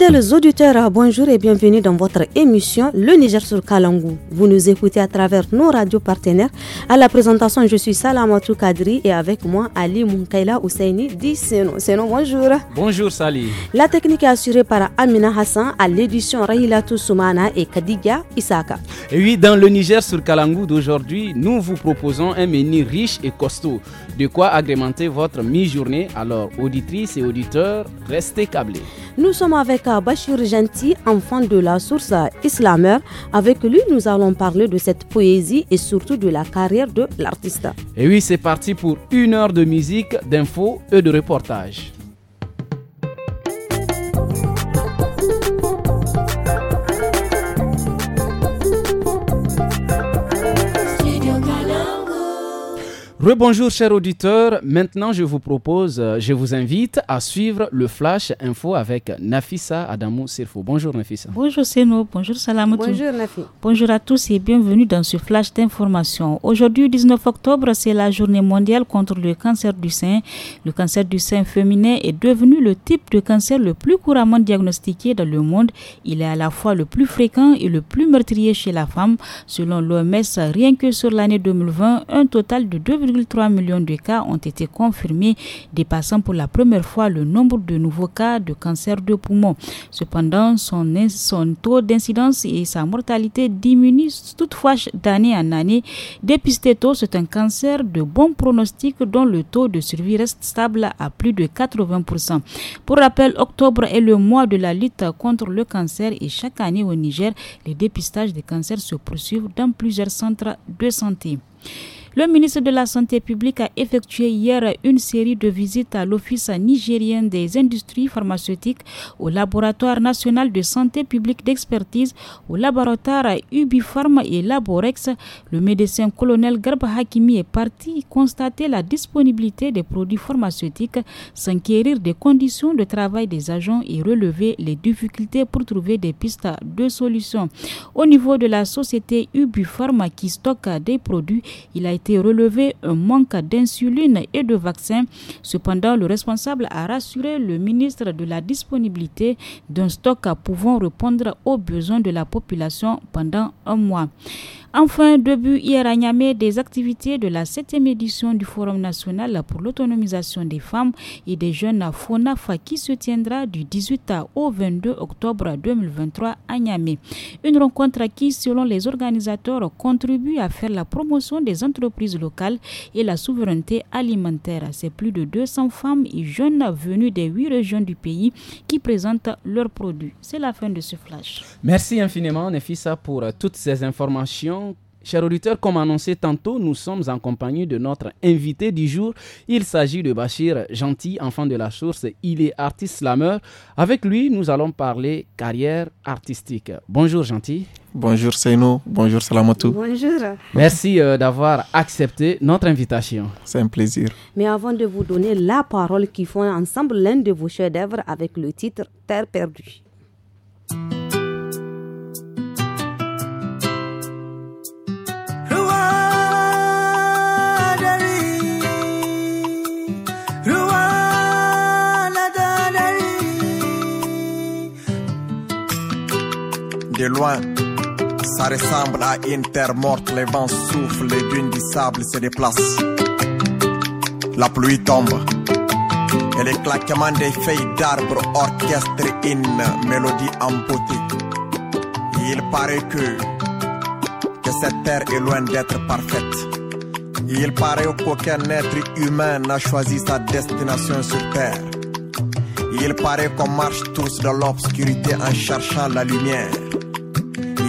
Fidèles auditeurs, bonjour et bienvenue dans votre émission Le Niger sur Kalangou. Vous nous écoutez à travers nos radios partenaires à la présentation, je suis Salamatou Kadri et avec moi Ali Moukaila Ousseini dit Seno. bonjour. Bonjour Sali. La technique est assurée par Amina Hassan à l'édition Rahilatou Soumana et Kadiga Isaka. Et oui, dans le Niger sur Kalangou d'aujourd'hui, nous vous proposons un menu riche et costaud. De quoi agrémenter votre mi-journée. Alors, auditrices et auditeurs, restez câblés. Nous sommes avec Bachir Gentil, enfant de la source islameur. Avec lui, nous allons parler de cette poésie et surtout de la carrière de l'artiste. Et oui, c'est parti pour une heure de musique, d'infos et de reportages. bonjour chers auditeurs, maintenant je vous propose, euh, je vous invite à suivre le Flash Info avec Nafissa Adamou Sirfo. Bonjour Nafissa. Bonjour Seno, bonjour Salamoutou. Bonjour Nafissa. Bonjour à tous et bienvenue dans ce Flash d'information. Aujourd'hui 19 octobre, c'est la journée mondiale contre le cancer du sein. Le cancer du sein féminin est devenu le type de cancer le plus couramment diagnostiqué dans le monde. Il est à la fois le plus fréquent et le plus meurtrier chez la femme. Selon l'OMS, rien que sur l'année 2020, un total de 2, 3 millions de cas ont été confirmés, dépassant pour la première fois le nombre de nouveaux cas de cancer de poumon. Cependant, son, son taux d'incidence et sa mortalité diminuent toutefois d'année en année. Dépisté tôt, c'est un cancer de bon pronostic dont le taux de survie reste stable à plus de 80%. Pour rappel, octobre est le mois de la lutte contre le cancer et chaque année au Niger, les dépistages des cancers se poursuivent dans plusieurs centres de santé. Le ministre de la Santé publique a effectué hier une série de visites à l'Office nigérien des industries pharmaceutiques, au Laboratoire national de santé publique d'expertise, au laboratoire Ubifarm et Laborex. Le médecin colonel Garba Hakimi est parti constater la disponibilité des produits pharmaceutiques, s'inquérir des conditions de travail des agents et relever les difficultés pour trouver des pistes de solutions. Au niveau de la société Ubifarm qui stocke des produits, il a été relevé un manque d'insuline et de vaccins. Cependant, le responsable a rassuré le ministre de la disponibilité d'un stock pouvant répondre aux besoins de la population pendant un mois. Enfin, début hier à Niamey des activités de la 7e édition du Forum national pour l'autonomisation des femmes et des jeunes à FONAFA qui se tiendra du 18 au 22 octobre 2023 à Niamey. Une rencontre qui, selon les organisateurs, contribue à faire la promotion des entreprises locales et la souveraineté alimentaire. C'est plus de 200 femmes et jeunes venus des huit régions du pays qui présentent leurs produits. C'est la fin de ce flash. Merci infiniment, Nefissa, pour toutes ces informations Chers auditeurs, comme annoncé tantôt, nous sommes en compagnie de notre invité du jour. Il s'agit de Bachir Gentil, enfant de la source. Il est artiste slameur. Avec lui, nous allons parler carrière artistique. Bonjour Gentil. Bonjour Seino, bonjour Salamatou. Bonjour. Merci euh, d'avoir accepté notre invitation. C'est un plaisir. Mais avant de vous donner la parole, qui font ensemble l'un de vos chefs-d'œuvre avec le titre Terre perdue. de loin. Ça ressemble à une terre morte, les vents soufflent, les dunes du sable se déplacent. La pluie tombe et les claquements des feuilles d'arbres orchestrent une mélodie amputée, Il paraît que, que cette terre est loin d'être parfaite. Il paraît qu'aucun être humain n'a choisi sa destination sur terre. Il paraît qu'on marche tous dans l'obscurité en cherchant la lumière.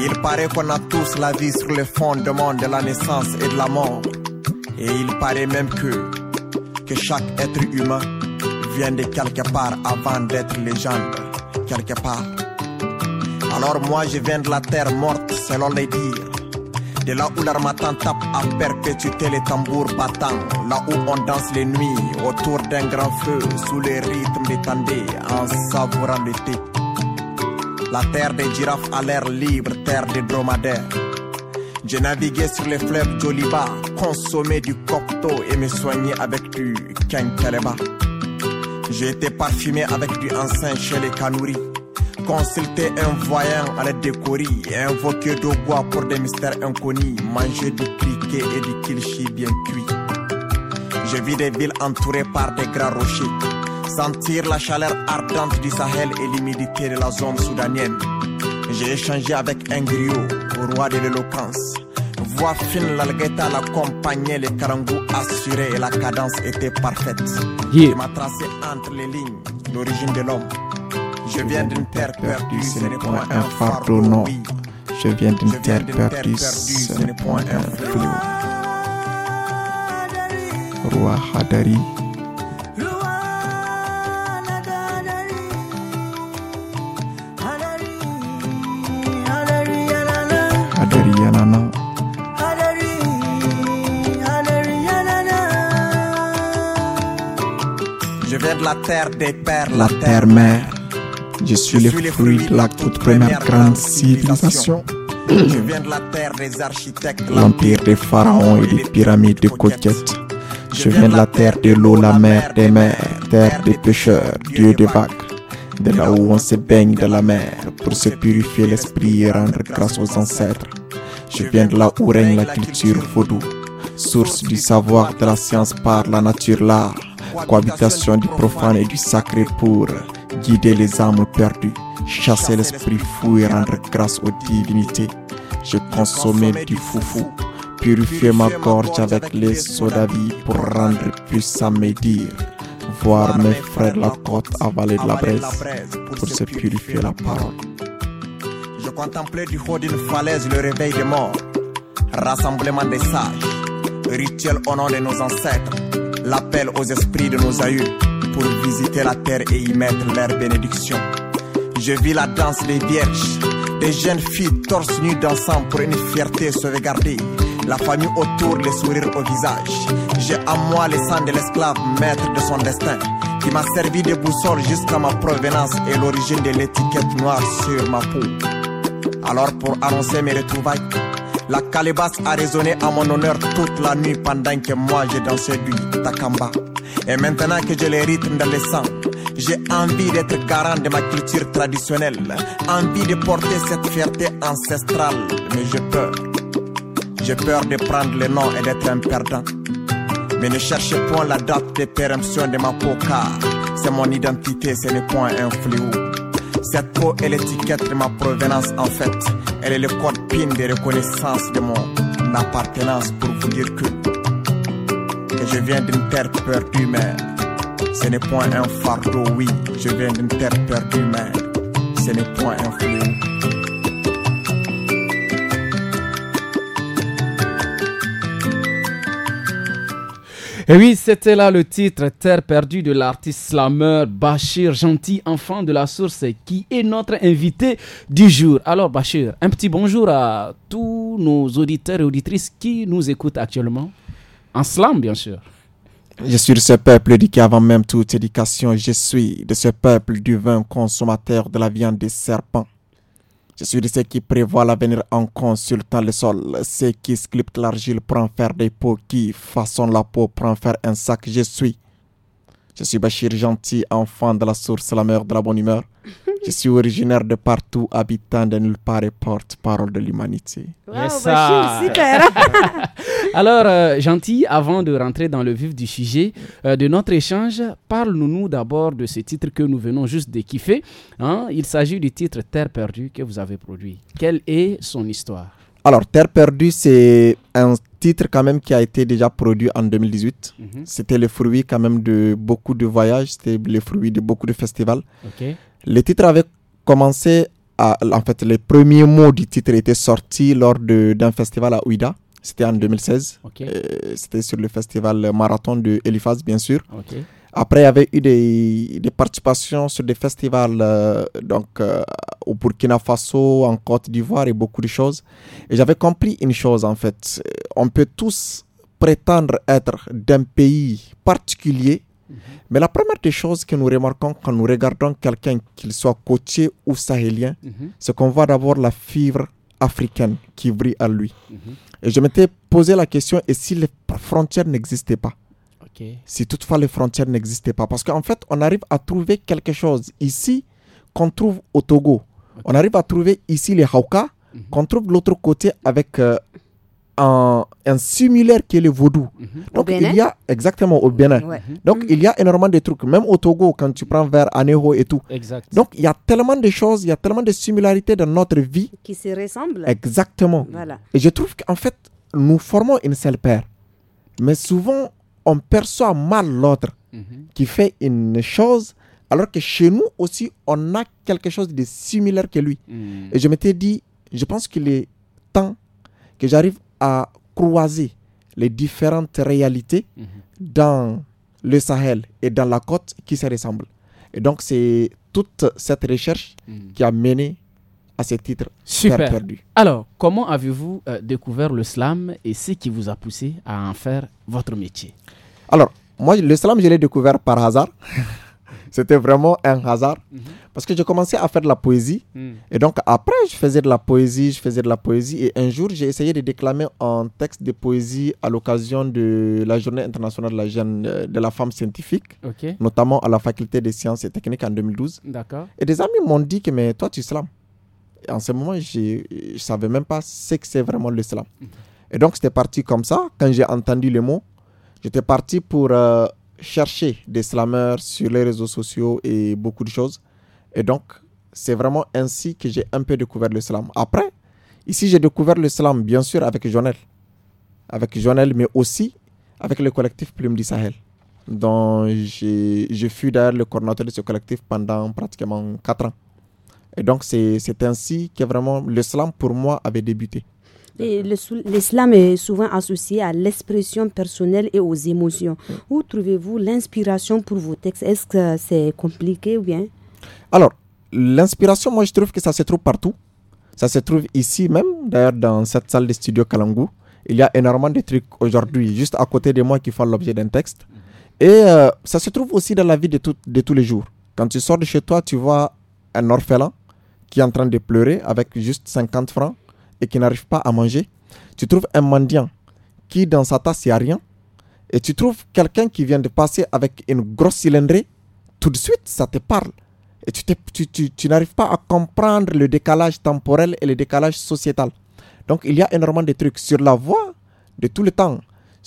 Il paraît qu'on a tous la vie sur le fondement de la naissance et de la mort. Et il paraît même que, que chaque être humain vient de quelque part avant d'être légende, quelque part. Alors moi je viens de la terre morte selon les dires. De là où l'armatan tape à perpétuité les tambours battants, là où on danse les nuits autour d'un grand feu sous les rythmes des en savourant le la terre des girafes à l'air libre, terre des dromadaires. J'ai navigué sur les fleuves d'Oliba, consommé du cocteau et me soigné avec du quinqueleba. J'ai été parfumé avec du encens chez les Kanouris. Consulté un voyant à l'aide des coris, invoqué de bois pour des mystères inconnus, mangé du cliquet et du kilchi bien cuit. Je vis des villes entourées par des gras rochers sentir la chaleur ardente du Sahel et l'humidité de la zone soudanienne. J'ai échangé avec un griot, au roi de l'éloquence. Voix fine, l'algueta l'accompagnait, les karangous assurés et la cadence était parfaite. Je m'a tracé entre les lignes l'origine de l'homme. Je viens d'une terre perdue, ce n'est point un fardeau, non. Je viens d'une terre perdue, ce n'est point un fléau. Roi Hadari. la terre des pères, la, terre-mère. Je suis le fruit de la toute première grande civilisation. Je viens de la terre des architectes, l'empire des pharaons et des pyramides de coquettes Je viens de la terre de l'eau, la mer des mers, terre des pêcheurs, dieu des vagues. De là où on se baigne dans la mer pour se purifier l'esprit et rendre grâce aux ancêtres. Je viens de là où règne la culture vaudou, source du savoir de la science par la nature, l'art cohabitation du profane et du sacré pour guider les âmes perdues, chasser l'esprit fou et rendre grâce aux divinités. Je consommais du foufou, purifier ma gorge avec les vie pour rendre plus à mes dires. Voir mes frères la côte avaler de la braise pour se purifier la parole. Je contemplais du haut d'une falaise le réveil des morts, rassemblement des sages, rituel au nom de nos ancêtres l'appel aux esprits de nos aïeux pour visiter la terre et y mettre leur bénédiction. Je vis la danse des vierges, des jeunes filles torse nues dansant pour une fierté sauvegardée. La famille autour, les sourires au visage. J'ai à moi les sangs de l'esclave, maître de son destin, qui m'a servi de boussole jusqu'à ma provenance et l'origine de l'étiquette noire sur ma peau. Alors pour annoncer mes retrouvailles, la calebasse a résonné à mon honneur toute la nuit pendant que moi j'ai dansé du takamba. Et maintenant que j'ai les rythmes dans le sang, j'ai envie d'être garant de ma culture traditionnelle, envie de porter cette fierté ancestrale. Mais j'ai peur, j'ai peur de prendre le nom et d'être un perdant. Mais ne cherchez point la date de péremption de ma peau car c'est mon identité, c'est le point un fléau. Cette peau est l'étiquette de ma provenance en fait. Elle est le code des de reconnaissance de mon appartenance pour vous dire que, je viens d'une terre perdue, mais ce n'est point un fardeau, oui, je viens d'une terre perdue, mais ce n'est point un fléau. Et oui, c'était là le titre Terre perdue de l'artiste slameur Bachir Gentil, enfant de la source, qui est notre invité du jour. Alors Bachir, un petit bonjour à tous nos auditeurs et auditrices qui nous écoutent actuellement, en slam bien sûr. Je suis de ce peuple éduqué avant même toute éducation, je suis de ce peuple du vin consommateur de la viande des serpents. Je suis de ceux qui prévoient l'avenir en consultant le sol. Ceux qui sculptent l'argile pour faire des peaux, qui façonnent la peau pour faire un sac. Je suis. Je suis Bachir Gentil, enfant de la source, la mère de la bonne humeur. Je suis originaire de partout, habitant de nulle part et porte-parole de l'humanité. Alors, euh, Gentil, avant de rentrer dans le vif du sujet euh, de notre échange, parle-nous d'abord de ce titre que nous venons juste de kiffer. Hein. Il s'agit du titre Terre perdue que vous avez produit. Quelle est son histoire alors, Terre perdue, c'est un titre quand même qui a été déjà produit en 2018. Mhm. C'était le fruit quand même de beaucoup de voyages, c'était le fruit de beaucoup de festivals. Le titre avait commencé à, en fait, les premiers mots du titre étaient sortis lors d'un festival à Ouida. C'était en 2016. Euh, c'était sur le festival Marathon de Eliphaz, bien sûr. Après, il y avait eu des, participations sur des festivals euh, donc, euh, au Burkina Faso, en Côte d'Ivoire et beaucoup de choses. Et j'avais compris une chose en fait. On peut tous prétendre être d'un pays particulier, mhm. mais la première des choses que nous remarquons quand nous regardons quelqu'un, qu'il soit côtier ou sahélien, mhm. c'est qu'on voit d'abord la fibre africaine qui brille à lui. Mhm. Et je m'étais posé la question, et si les frontières n'existaient pas si toutefois les frontières n'existaient pas. Parce qu'en fait, on arrive à trouver quelque chose ici qu'on trouve au Togo. On arrive à trouver ici les Hauka, mhm. qu'on trouve de l'autre côté avec euh, un, similaire qui est le vaudou. Mhm. Donc, il y a exactement au Bénin. Donc, il y a énormément de trucs, même au Togo, quand tu prends vers Aného et tout. Donc, il y a tellement de choses, il y a tellement de similarités dans notre vie. Qui se ressemblent. Exactement. Voilà. Et je trouve qu'en fait, nous formons une seule paire. Mais souvent, on perçoit mal l'autre mhm. qui fait une chose, alors que chez nous aussi, on a quelque chose de similaire que lui. Mhm. Et je m'étais dit, je pense qu'il est temps que j'arrive à croiser les différentes réalités mhm. dans le Sahel et dans la côte qui se ressemblent. Et donc, c'est toute cette recherche qui a mené à ce titre Super. perdu. Alors, comment avez-vous euh, découvert le slam et ce qui vous a poussé à en faire votre métier Alors, moi, le slam, je l'ai découvert par hasard. C'était vraiment un hasard. Mhm. Parce que j'ai commencé à faire de la poésie. Hmm. Et donc, après, je faisais de la poésie, je faisais de la poésie. Et un jour, j'ai essayé de déclamer un texte de poésie à l'occasion de la Journée internationale de la, jeune, euh, de la femme scientifique, notamment à la faculté des sciences et techniques en 2012. Et des amis m'ont dit que, mais toi, tu slams en ce moment, je ne savais même pas ce que c'est vraiment l'islam. Et donc, c'était parti comme ça. Quand j'ai entendu le mot, j'étais parti pour euh, chercher des slameurs sur les réseaux sociaux et beaucoup de choses. Et donc, c'est vraiment ainsi que j'ai un peu découvert le slam. Après, ici, j'ai découvert le slam, bien sûr, avec Jonel. Avec Jonel, mais aussi avec le collectif Plume du Sahel. Donc, je fus d'ailleurs le coordonnateur de ce collectif pendant pratiquement quatre ans. Et donc, c'est ainsi que vraiment l'islam, pour moi, avait débuté. L'islam est souvent associé à l'expression personnelle et aux émotions. Où trouvez-vous l'inspiration pour vos textes Est-ce que c'est compliqué ou bien Alors, l'inspiration, moi, je trouve que ça se trouve partout. Ça se trouve ici même, d'ailleurs, dans cette salle de studio Kalangu. Il y a énormément de trucs aujourd'hui, juste à côté de moi, qui font l'objet d'un texte. Et euh, ça se trouve aussi dans la vie de, tout, de tous les jours. Quand tu sors de chez toi, tu vois un orphelin qui est en train de pleurer avec juste 50 francs et qui n'arrive pas à manger. Tu trouves un mendiant qui, dans sa tasse, il n'y a rien. Et tu trouves quelqu'un qui vient de passer avec une grosse cylindrée. Tout de suite, ça te parle. Et tu, tu, tu, tu n'arrives pas à comprendre le décalage temporel et le décalage sociétal. Donc, il y a énormément de trucs sur la voie de tout le temps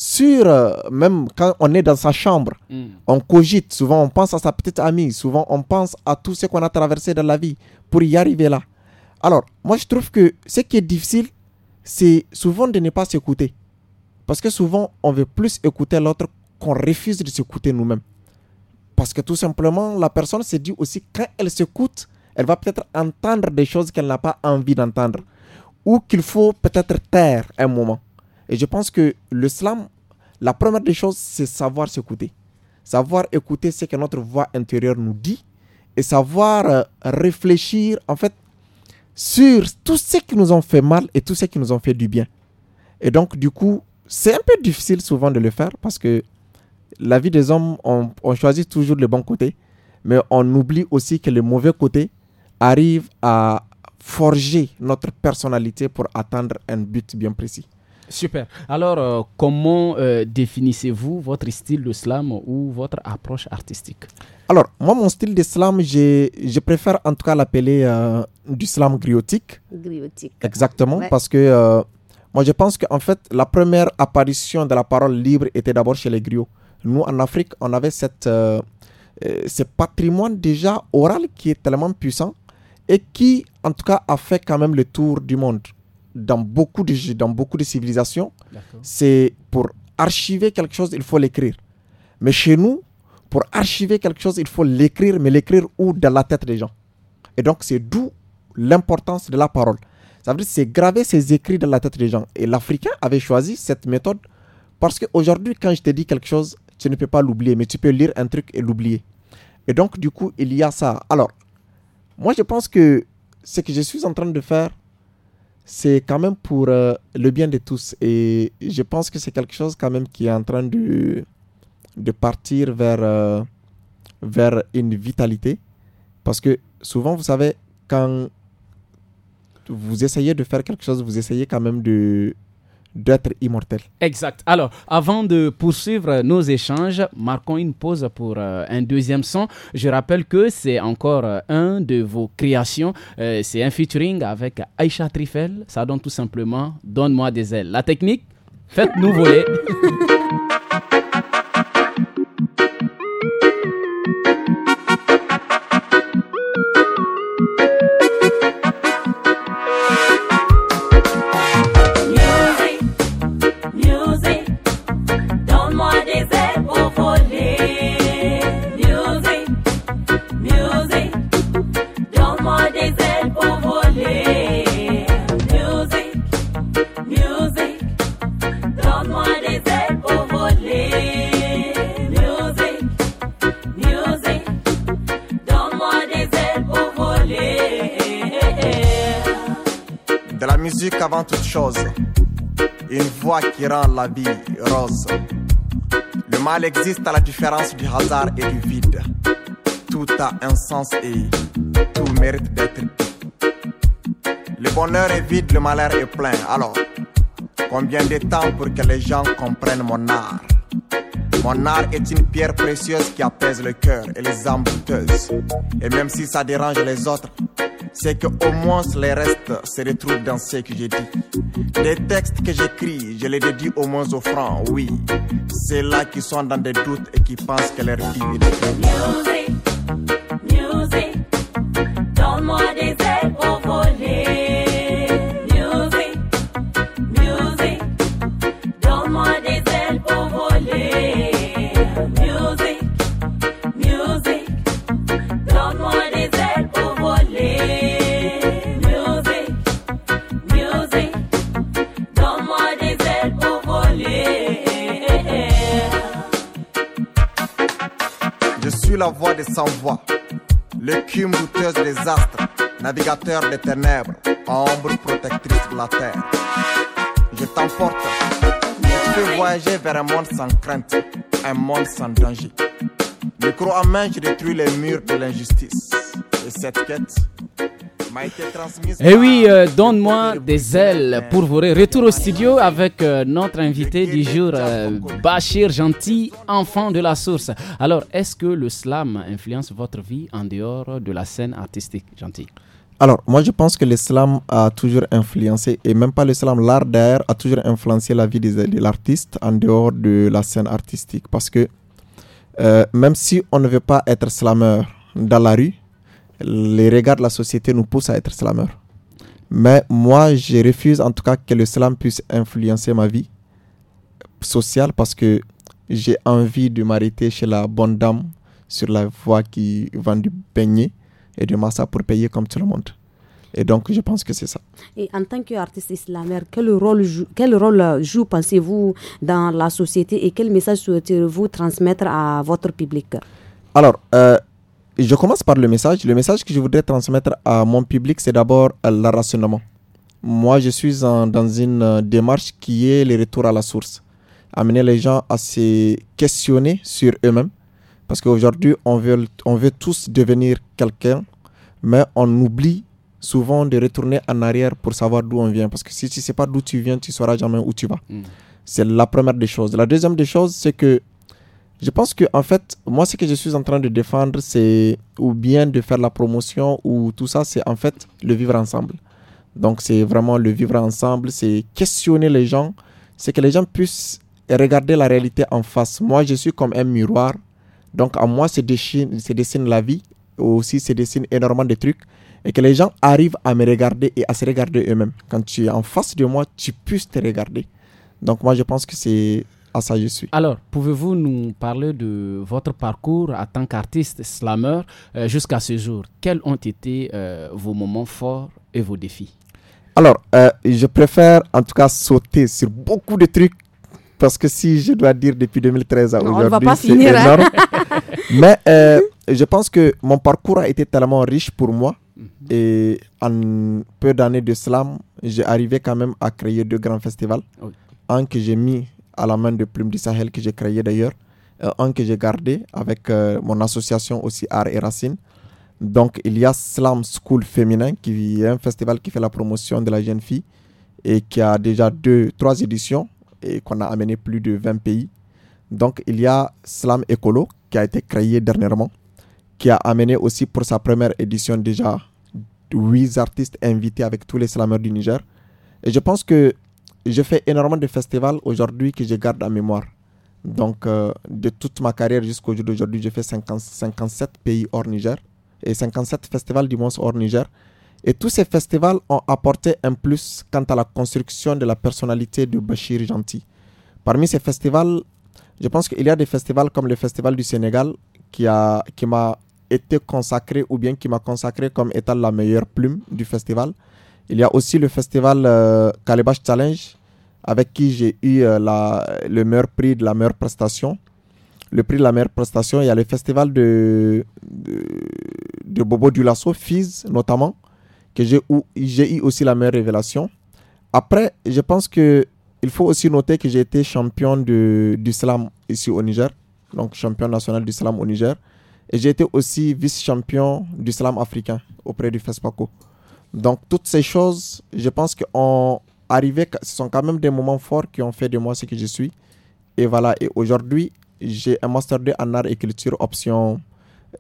sur, euh, même quand on est dans sa chambre, hmm. on cogite, souvent on pense à sa petite amie, souvent on pense à tout ce qu'on a traversé dans la vie pour y arriver là. Alors, moi je trouve que ce qui est difficile, c'est souvent de ne pas s'écouter. Parce que souvent, on veut plus écouter l'autre qu'on refuse de s'écouter nous-mêmes. Parce que tout simplement, la personne se dit aussi, quand elle s'écoute, elle va peut-être entendre des choses qu'elle n'a pas envie d'entendre. Ou qu'il faut peut-être taire un moment. Et je pense que le slam, la première des choses, c'est savoir s'écouter. Savoir écouter ce que notre voix intérieure nous dit et savoir euh, réfléchir, en fait, sur tout ce qui nous ont fait mal et tout ce qui nous ont fait du bien. Et donc, du coup, c'est un peu difficile souvent de le faire parce que la vie des hommes, on choisit toujours le bon côté, mais on oublie aussi que le mauvais côté arrive à forger notre personnalité pour atteindre un but bien précis. Super. Alors, euh, comment euh, définissez-vous votre style de slam ou votre approche artistique Alors, moi, mon style de slam, je préfère en tout cas l'appeler euh, du slam griotique. Griotique. Exactement, parce que moi, je pense qu'en fait, la première apparition de la parole libre était d'abord chez les griots. Nous, en Afrique, on avait cette, ce patrimoine déjà oral qui est tellement puissant et qui, en tout cas, a fait quand même le tour du monde dans beaucoup de, dans beaucoup de civilisations, c'est pour archiver quelque chose, il faut l'écrire. Mais chez nous, pour archiver quelque chose, il faut l'écrire, mais l'écrire où Dans la tête des gens. Et donc, c'est d'où l'importance de la parole. Ça veut dire c'est graver ses écrits dans la tête des gens. Et l'Africain avait choisi cette méthode parce qu'aujourd'hui, quand je te dis quelque chose, tu ne peux pas l'oublier, mais tu peux lire un truc et l'oublier. Et donc, du coup, il y a ça. Alors, moi, je pense que ce que je suis en train de faire, c'est quand même pour euh, le bien de tous. Et je pense que c'est quelque chose quand même qui est en train de, de partir vers, euh, vers une vitalité. Parce que souvent, vous savez, quand vous essayez de faire quelque chose, vous essayez quand même de, d'être immortel. Exact. Alors, avant de poursuivre nos échanges, marquons une pause pour euh, un deuxième son. Je rappelle que c'est encore euh, un de vos créations. Euh, c'est un featuring avec Aïcha Trifel. Ça donne tout simplement Donne-moi des ailes. La technique, faites-nous voler. toute chose une voix qui rend la vie rose. Le mal existe à la différence du hasard et du vide. Tout a un sens et tout mérite d'être Le bonheur est vide, le malheur est plein. Alors, combien de temps pour que les gens comprennent mon art mon art est une pierre précieuse qui apaise le cœur et les âmes Et même si ça dérange les autres, c'est que au moins les restes se retrouvent dans ce que j'ai dit. Des textes que j'écris, je les dédie au moins aux francs, oui. C'est là qui sont dans des doutes et qui pensent que leur est Music, la voix des sans-voix, l'écume douteuse des astres, navigateur des ténèbres, ombre protectrice de la terre. Je t'emporte, je peux voyager vers un monde sans crainte, un monde sans danger. Le croix à main, je détruis les murs de l'injustice. Et cette quête, et eh oui, euh, donne-moi des ailes pour vous. Retour au studio avec euh, notre invité du jour, euh, Bachir Gentil, enfant de la source. Alors, est-ce que le slam influence votre vie en dehors de la scène artistique, Gentil alors, moi, je pense que le slam a toujours influencé, et même pas le slam, l'art d'ailleurs a toujours influencé la vie de, l'artiste en dehors de la scène artistique. Parce que même si on ne veut pas être slameur dans la rue, les regards de la société nous poussent à être slameurs. Mais moi, je refuse en tout cas que le slam puisse influencer ma vie sociale parce que j'ai envie de m'arrêter chez la bonne dame sur la voie qui vend du beignet et de massa pour payer comme tout le monde. Et donc, je pense que c'est ça. Et en tant qu'artiste islamère, quel rôle, joue, quel rôle euh, joue, pensez-vous, dans la société et quel message souhaitez-vous transmettre à votre public Alors, euh, je commence par le message. Le message que je voudrais transmettre à mon public, c'est d'abord euh, le rationnement. Moi, je suis dans une euh, démarche qui est le retour à la source. Amener les gens à se questionner sur eux-mêmes. Parce qu'aujourd'hui, on veut, on veut tous devenir quelqu'un, mais on oublie souvent de retourner en arrière pour savoir d'où on vient. Parce que si tu ne sais pas d'où tu viens, tu ne sauras jamais où tu vas. Mm. C'est la première des choses. La deuxième des choses, c'est que je pense que en fait, moi ce que je suis en train de défendre, c'est ou bien de faire la promotion ou tout ça, c'est en fait le vivre ensemble. Donc c'est vraiment le vivre ensemble, c'est questionner les gens, c'est que les gens puissent regarder la réalité en face. Moi je suis comme un miroir, donc à moi se dessine, se dessine la vie, aussi se dessine énormément de trucs et que les gens arrivent à me regarder et à se regarder eux-mêmes. Quand tu es en face de moi, tu puisses te regarder. Donc moi, je pense que c'est ça je suis. Alors, pouvez-vous nous parler de votre parcours en tant qu'artiste slammer euh, jusqu'à ce jour Quels ont été euh, vos moments forts et vos défis Alors, euh, je préfère en tout cas sauter sur beaucoup de trucs parce que si je dois dire depuis 2013 à aujourd'hui, c'est hein. énorme. Mais je pense que mon parcours a été tellement riche pour moi. Mhm. Et en peu d'années de slam, j'ai arrivé quand même à créer deux grands festivals. en que j'ai mis à la main de Plume du Sahel que j'ai créé d'ailleurs, euh, un que j'ai gardé avec euh, mon association aussi Art et Racine. Donc il y a Slam School Féminin qui est un festival qui fait la promotion de la jeune fille et qui a déjà deux, trois éditions et qu'on a amené plus de 20 pays. Donc il y a Slam Écolo qui a été créé dernièrement, qui a amené aussi pour sa première édition déjà huit artistes invités avec tous les slameurs du Niger. Et je pense que je fais énormément de festivals aujourd'hui que je garde en mémoire. Donc, euh, de toute ma carrière jusqu'au jour d'aujourd'hui, j'ai fait 57 pays hors Niger et 57 festivals du monde hors Niger. Et tous ces festivals ont apporté un plus quant à la construction de la personnalité de Bachir Gentil. Parmi ces festivals, je pense qu'il y a des festivals comme le Festival du Sénégal qui m'a qui été consacré ou bien qui m'a consacré comme étant la meilleure plume du festival. Il y a aussi le festival Kalebash euh, Challenge, avec qui j'ai eu euh, la, le meilleur prix de la meilleure prestation. Le prix de la meilleure prestation, il y a le festival de, de, Bobo du Lasso, notamment, que j'ai eu aussi la meilleure révélation. Après, je pense qu'il faut aussi noter que j'ai été champion du slam ici au Niger, donc champion national du slam au Niger. Et j'ai été aussi vice-champion du slam africain auprès du FESPACO. Donc, toutes ces choses, je pense qu'on arrivait, ce sont quand même des moments forts qui ont fait de moi ce que je suis. Et voilà, et aujourd'hui, j'ai un Master 2 en art et culture, option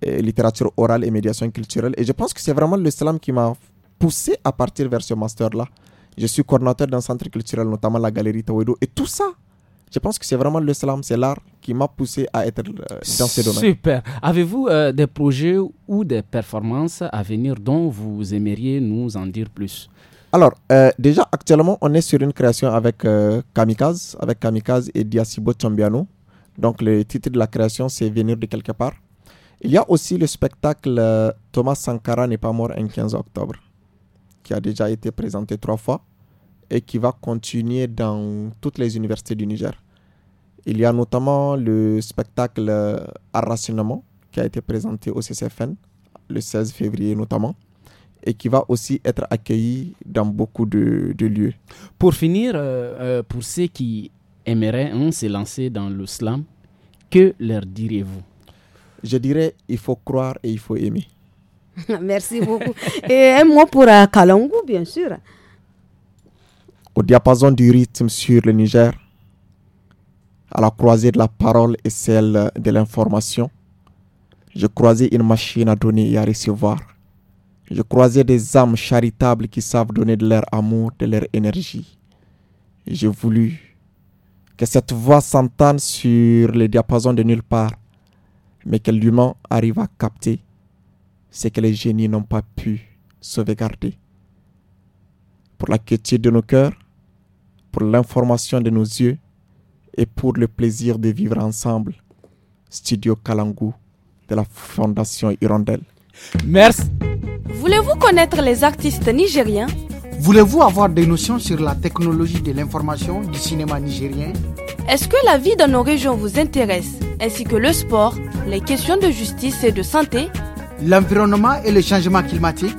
euh, littérature orale et médiation culturelle. Et je pense que c'est vraiment le l'islam qui m'a poussé à partir vers ce master-là. Je suis coordinateur d'un centre culturel, notamment la galerie Tawedo. Et tout ça, je pense que c'est vraiment le slam, c'est l'art qui m'a poussé à être euh, dans ce domaine. Super. Avez-vous euh, des projets ou des performances à venir dont vous aimeriez nous en dire plus alors, euh, déjà, actuellement, on est sur une création avec Kamikaze, avec Kamikaze et Diasibo Chambiano. Donc, le titre de la création, c'est Venir de quelque part. Il y a aussi le spectacle Thomas Sankara n'est pas mort un 15 octobre, qui a déjà été présenté trois fois et qui va continuer dans toutes les universités du Niger. Il y a notamment le spectacle euh, Arrationnement qui a été présenté au CCFN le 16 février notamment et qui va aussi être accueilli dans beaucoup de, lieux. Pour finir, euh, euh, pour ceux qui aimeraient hein, se lancer dans le slam, que leur diriez-vous Je dirais il faut croire et il faut aimer. Merci beaucoup. et moi pour euh, bien sûr au diapason du rythme sur le Niger, à la croisée de la parole et celle de l'information. Je croisais une machine à donner et à recevoir. Je croisais des âmes charitables qui savent donner de leur amour, de leur énergie. J'ai voulu que cette voix s'entende sur les diapason de nulle part, mais que l'humain arrive à capter ce que les génies n'ont pas pu sauvegarder. Pour la quiétude de nos cœurs, pour l'information de nos yeux et pour le plaisir de vivre ensemble. Studio Kalangu de la Fondation Hirondelle. Merci. Voulez-vous connaître les artistes nigériens Voulez-vous avoir des notions sur la technologie de l'information du cinéma nigérien Est-ce que la vie dans nos régions vous intéresse, ainsi que le sport, les questions de justice et de santé L'environnement et le changement climatique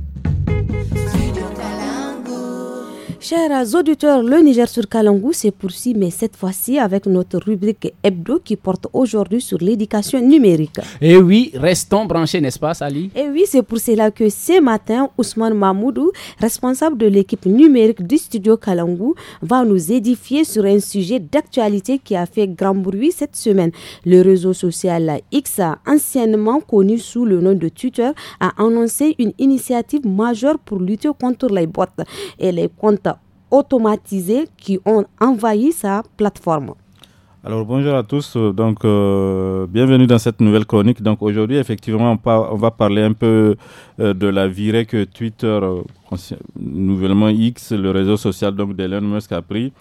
Chers auditeurs, le Niger sur Kalangou s'est poursuivi mais cette fois-ci avec notre rubrique hebdo qui porte aujourd'hui sur l'éducation numérique. Et eh oui, restons branchés, n'est-ce pas, Sali Et eh oui, c'est pour cela que ce matin, Ousmane Mahmoudou, responsable de l'équipe numérique du studio Kalangou, va nous édifier sur un sujet d'actualité qui a fait grand bruit cette semaine. Le réseau social X, anciennement connu sous le nom de Twitter, a annoncé une initiative majeure pour lutter contre les boîtes et les comptes automatisés qui ont envahi sa plateforme. Alors bonjour à tous, donc euh, bienvenue dans cette nouvelle chronique. Donc aujourd'hui effectivement on, on, va parler un peu euh, de la virée que Twitter, euh, nouvellement X, le réseau social donc d'Elon Musk a pris.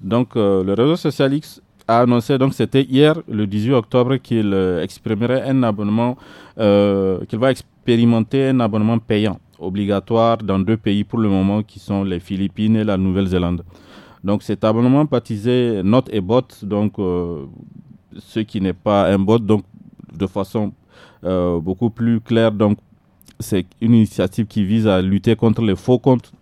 Donc le réseau social X a annoncé, donc c'était hier le 18 octobre, qu'il exprimerait un abonnement, qu'il va expérimenter un abonnement payant obligatoire dans deux pays pour le moment qui sont les Philippines et la Nouvelle-Zélande. Donc cet abonnement baptisé Note et Bot, donc euh, ce qui n'est pas un bot, donc de façon euh, beaucoup plus claire, donc c'est une initiative qui vise à lutter contre les faux comptes.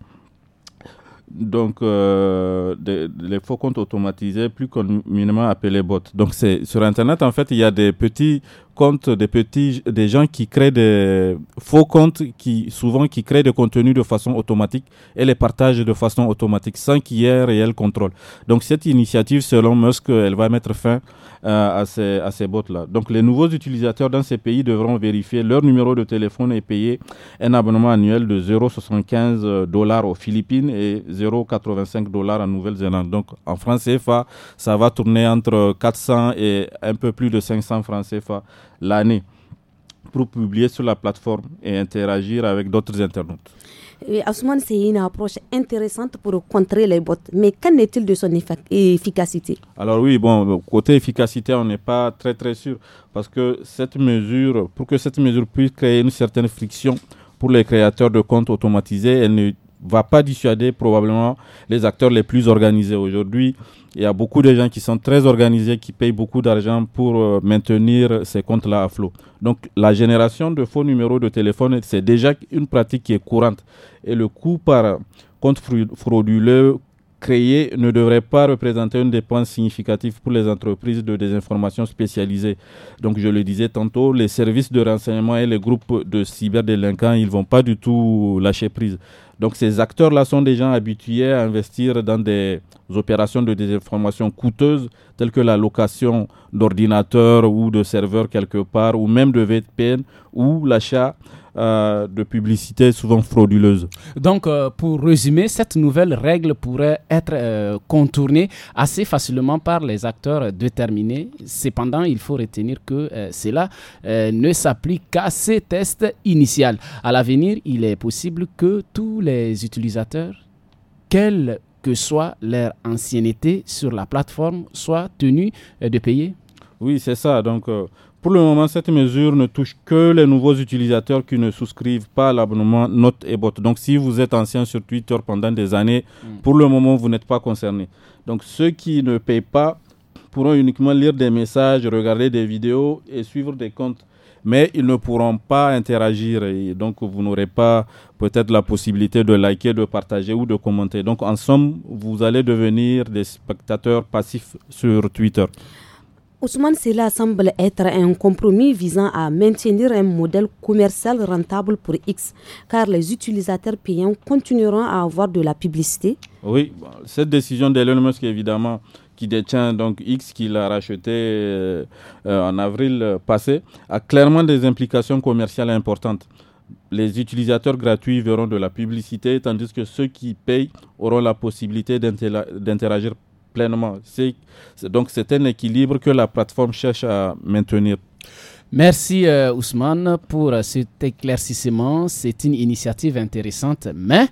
Donc, euh, les faux comptes automatisés, plus communément appelés bots. Donc, c'est sur Internet, en fait, il y a des petits comptes des petits, des gens qui créent des faux comptes, qui souvent qui créent des contenus de façon automatique et les partagent de façon automatique sans qu'il y ait réel contrôle. Donc cette initiative, selon Musk, elle va mettre fin euh, à ces, à bots-là. Donc les nouveaux utilisateurs dans ces pays devront vérifier leur numéro de téléphone et payer un abonnement annuel de 0,75 dollars aux Philippines et 0,85 dollars en Nouvelle-Zélande. Donc en France CFA, ça va tourner entre 400 et un peu plus de 500 francs CFA l'année pour publier sur la plateforme et interagir avec d'autres internautes. Oui, Ousmane, c'est une approche intéressante pour contrer les bots. Mais qu'en est-il de son efficacité Alors oui, bon, côté efficacité, on n'est pas très très sûr parce que cette mesure, pour que cette mesure puisse créer une certaine friction pour les créateurs de comptes automatisés, elle ne va pas dissuader probablement les acteurs les plus organisés aujourd'hui. Il y a beaucoup de gens qui sont très organisés, qui payent beaucoup d'argent pour euh, maintenir ces comptes-là à flot. Donc la génération de faux numéros de téléphone, c'est déjà une pratique qui est courante. Et le coût par compte frauduleux créé ne devrait pas représenter une dépense significative pour les entreprises de désinformation spécialisées. Donc je le disais tantôt, les services de renseignement et les groupes de cyberdélinquants, ils ne vont pas du tout lâcher prise. Donc ces acteurs-là sont des gens habitués à investir dans des opérations de désinformation coûteuses telles que la location d'ordinateurs ou de serveurs quelque part ou même de VPN ou l'achat euh, de publicité souvent frauduleuse. Donc, euh, pour résumer, cette nouvelle règle pourrait être euh, contournée assez facilement par les acteurs déterminés. Cependant, il faut retenir que cela ne s'applique qu'à ces tests initiaux. À l'avenir, il est possible que tous les utilisateurs, quelle que soit leur ancienneté sur la plateforme, soient tenus de payer. Oui, c'est ça. Donc, pour le moment, cette mesure ne touche que les nouveaux utilisateurs qui ne souscrivent pas à l'abonnement Note et Bot. Donc, si vous êtes ancien sur Twitter pendant des années, mm. pour le moment, vous n'êtes pas concerné. Donc, ceux qui ne payent pas pourront uniquement lire des messages, regarder des vidéos et suivre des comptes. Mais ils ne pourront pas interagir et donc vous n'aurez pas peut-être la possibilité de liker, de partager ou de commenter. Donc en somme, vous allez devenir des spectateurs passifs sur Twitter. Ousmane cela semble être un compromis visant à maintenir un modèle commercial rentable pour X, car les utilisateurs payants continueront à avoir de la publicité. Oui, cette décision d'Elon Musk, évidemment, qui détient donc X, qu'il a racheté euh, euh, en avril euh, passé, a clairement des implications commerciales importantes les utilisateurs gratuits verront de la publicité, tandis que ceux qui payent auront la possibilité d'interagir pleinement. donc c'est un équilibre que la plateforme cherche à maintenir. Merci euh, Ousmane pour euh, cet éclaircissement. C'est une initiative intéressante, mais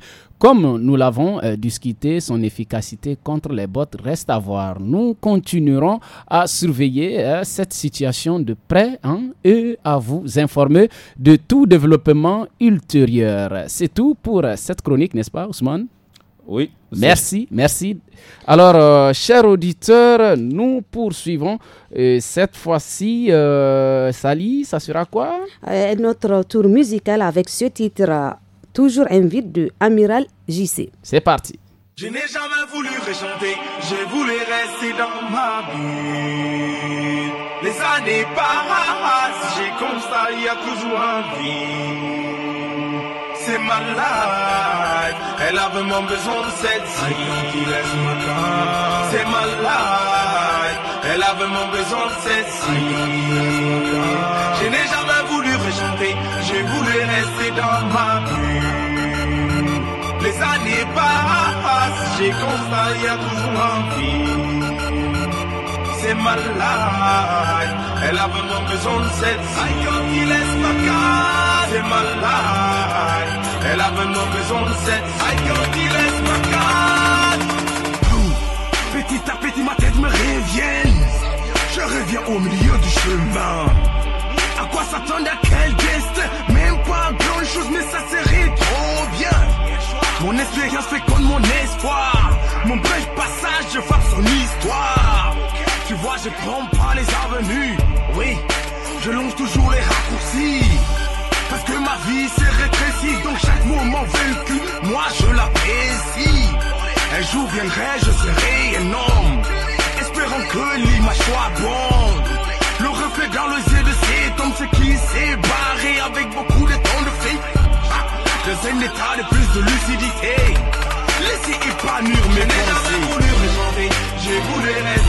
comme nous l'avons euh, discuté, son efficacité contre les bots reste à voir. Nous continuerons à surveiller cette situation de près hein, et à vous informer de tout développement ultérieur. C'est tout pour cette chronique, n'est-ce pas Ousmane oui. Merci, merci. Alors, euh, chers auditeurs, nous poursuivons. Et cette fois-ci, euh, Sally, ça sera quoi euh, Notre tour musical avec ce titre, toujours invite de Amiral JC. C'est parti. Je n'ai jamais voulu rechanter, je voulais rester dans ma ville. Les années passent, j'ai constaté ça, il y a toujours un vide c'est ma life. Elle a vraiment besoin de cette fille. C'est ma life. Elle a vraiment besoin de cette fille. Je n'ai jamais voulu rejeter, j'ai voulu rester dans ma vie, Les années passent, j'ai constat, y a toujours envie c'est ma Elle a vraiment besoin de cette Zion qui laisse ma carte. C'est ma Elle a vraiment besoin de cette Zion qui laisse ma carte. Petit à petit, ma tête me revient. Je reviens au milieu du chemin. À quoi s'attendre à quel geste Même pas grand chose, mais ça serait trop bien. Mon expérience fait comme mon espoir. Mon je prends pas les avenues. Oui, je longe toujours les raccourcis. Parce que ma vie s'est rétrécie, donc chaque moment vécu, moi je l'apprécie. Un jour viendrai, je serai un homme, espérant que l'image soit bonne. Le reflet dans les yeux de cet homme, c'est qui s'est barré avec beaucoup de temps de fait Je un état de plus de lucidité, laissez épanouir mes pensées. J'ai voulu rester.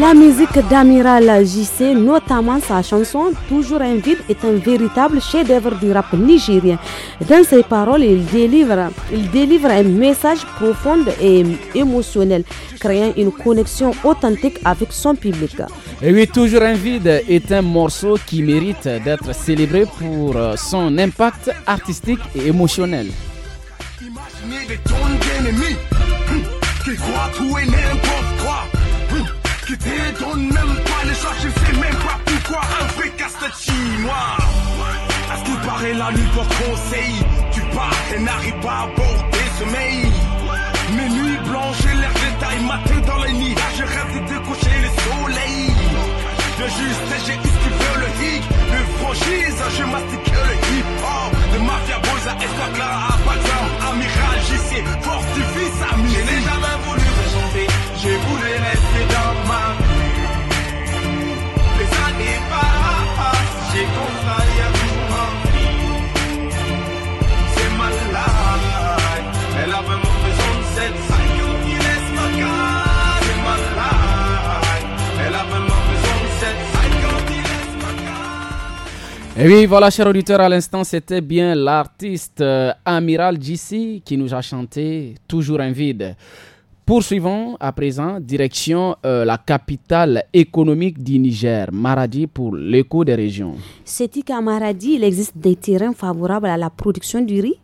La musique d'Amiral JC, notamment sa chanson Toujours un vide, est un véritable chef-d'œuvre du rap nigérien. Dans ses paroles, il délivre, il délivre un message profond et émotionnel, créant une connexion authentique avec son public. Et oui, Toujours un vide est un morceau qui mérite d'être célébré pour euh, son impact artistique et émotionnel discuter, donne même pas les choses, je sais même pas pourquoi un vrai casse chinois. À ce qui paraît la nuit pour conseil, tu pars et n'arrives pas à porter sommeil. Mes nuits blanches et l'air détail, matin dans la nuit, je rêve de coucher le soleil. Le juste, j'ai eu ce qu'il veut, le hic, le franchise, je mastique le hip-hop. De mafia, boys à escroc, Clara, Amiral, JC, fortifie sa jamais Et eh oui, voilà, cher auditeur, à l'instant, c'était bien l'artiste euh, Amiral JC qui nous a chanté Toujours un vide. Poursuivons à présent, direction euh, la capitale économique du Niger, Maradi, pour l'écho des régions. C'est qu'à Maradi, il existe des terrains favorables à la production du riz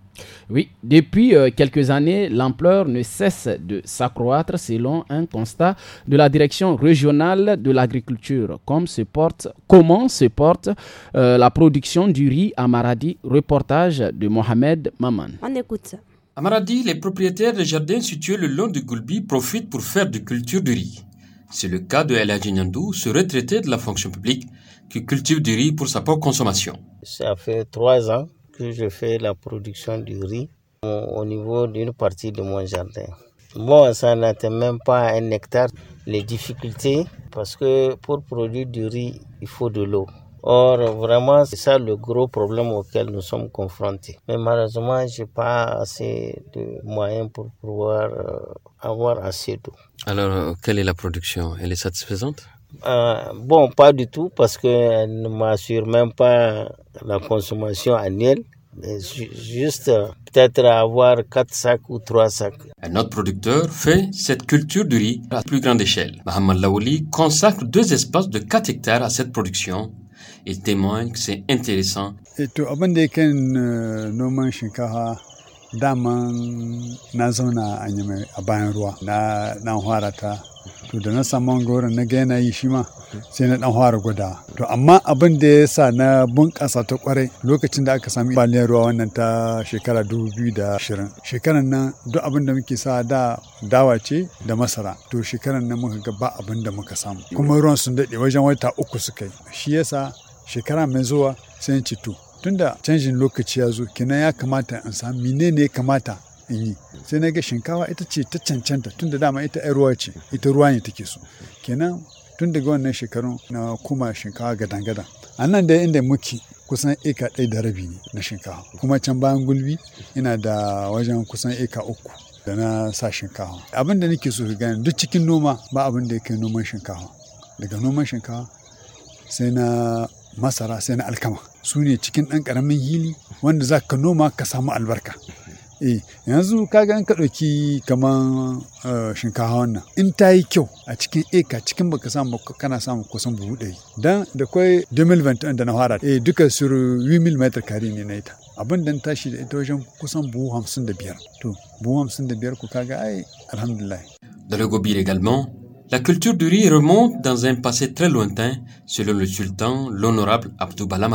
oui, depuis euh, quelques années, l'ampleur ne cesse de s'accroître selon un constat de la direction régionale de l'agriculture. Comme se porte, comment se porte euh, la production du riz à Maradi Reportage de Mohamed Maman. On écoute À Maradi, les propriétaires de jardins situés le long de Goulbi profitent pour faire de culture du riz. C'est le cas de El Ndou ce retraité de la fonction publique qui cultive du riz pour sa propre consommation. Ça fait trois ans je fais la production du riz euh, au niveau d'une partie de mon jardin. Bon, ça n'atteint même pas un hectare. Les difficultés, parce que pour produire du riz, il faut de l'eau. Or, vraiment, c'est ça le gros problème auquel nous sommes confrontés. Mais malheureusement, je n'ai pas assez de moyens pour pouvoir euh, avoir assez d'eau. Alors, euh, quelle est la production Elle est satisfaisante euh, bon, pas du tout, parce qu'elle ne m'assure même pas la consommation annuelle. Juste euh, peut-être avoir 4 sacs ou 3 sacs. Un autre producteur fait cette culture du riz à plus grande échelle. Mohamed Laouli consacre deux espaces de 4 hectares à cette production et témoigne que c'est intéressant. to da na samu goron na ga yana yi shi ma sai na dan fara gwada to amma abin da ya sa na bunƙasa ta kwarai lokacin da aka sami baliyar ruwa wannan ta shekara 2020 shekaran nan duk abin da muke sa da dawa ce da masara to shekaran nan muka ga ba abin da muka samu kuma ruwan sun daɗe wajen wata uku suka yi shi yasa shekara mai zuwa sai ci to tunda canjin lokaci ya zo kina ya kamata in san menene ya kamata in yi sai na ga shinkawa ita ce ta cancanta tunda dama ita ai ruwa ce ita ruwa ne take so kenan tun daga wannan shekarun na kuma shinkawa gadan-gadan a nan dai inda muke kusan eka ɗaya da rabi ne na shinkawa kuma can bayan gulbi ina da wajen kusan eka uku da na sa shinkawa abin da nake so gani duk cikin noma ba abin da yake noman shinkawa daga noman shinkawa sai na masara sai na alkama su ne cikin ɗan ƙaramin hili wanda za ka noma ka samu albarka eh yanzu kaga in ka ɗauki kaman eh, shinkafa wannan in ta yi kyau a cikin eka cikin baka samu kana samu kusan buhu ɗari dan da kwai 2021 da na fara eh duka sur 8000 meter kare ne na ita abin da tashi da ita wajen kusan buhu 55 to buhu 55 ku kaga ai alhamdulillah Dans le également, la culture du riz remonte dans un passé très lointain, selon le sultan, l'honorable Abdou Balam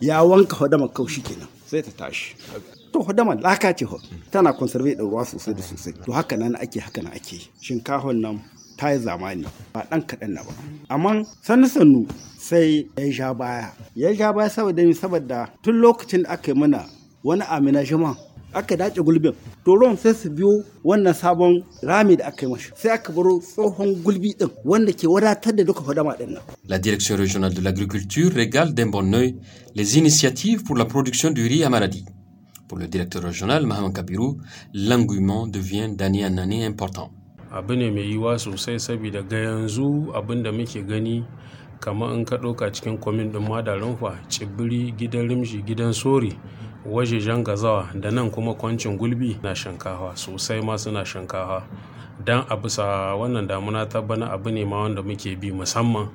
ya wanka hodama kaushi kenan sai ta tashi to hodama laka ce hu tana conserve da ruwa sosai da sosai to haka nan ake haka nan ake shinkafon nan ta yi zamani ba ɗan kaɗan na ba amma sannu sannu sai ya sha baya ya sha baya saboda saboda tun lokacin da aka yi mana wani amina jama'a La Direction régionale de l'agriculture régale d'un bon oeil les initiatives pour la production du riz à Maradi. Pour le directeur régional Mohamed Kabirou, l'engouement devient d'année en année important. sosai ga yanzu muke gani kamar ka cikin wajejen gazawa da nan kuma kwancin gulbi na shinkawa sosai ma suna shinkawa don a bisa wannan damuna ta bana abu ne ma wanda muke bi musamman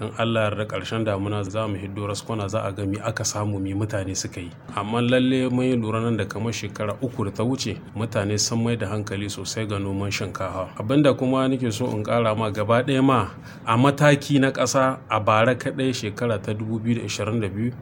in allah da karshen damuna za mu hiddo raskwana za a ga aka samu mi mutane suka yi amma lalle mun yi lura nan da kamar shekara uku da ta wuce mutane sun mai da hankali sosai ga noman shinkafa abinda kuma nake so in kara ma gaba ɗaya ma a mataki na ƙasa a bara kaɗai shekara ta 2022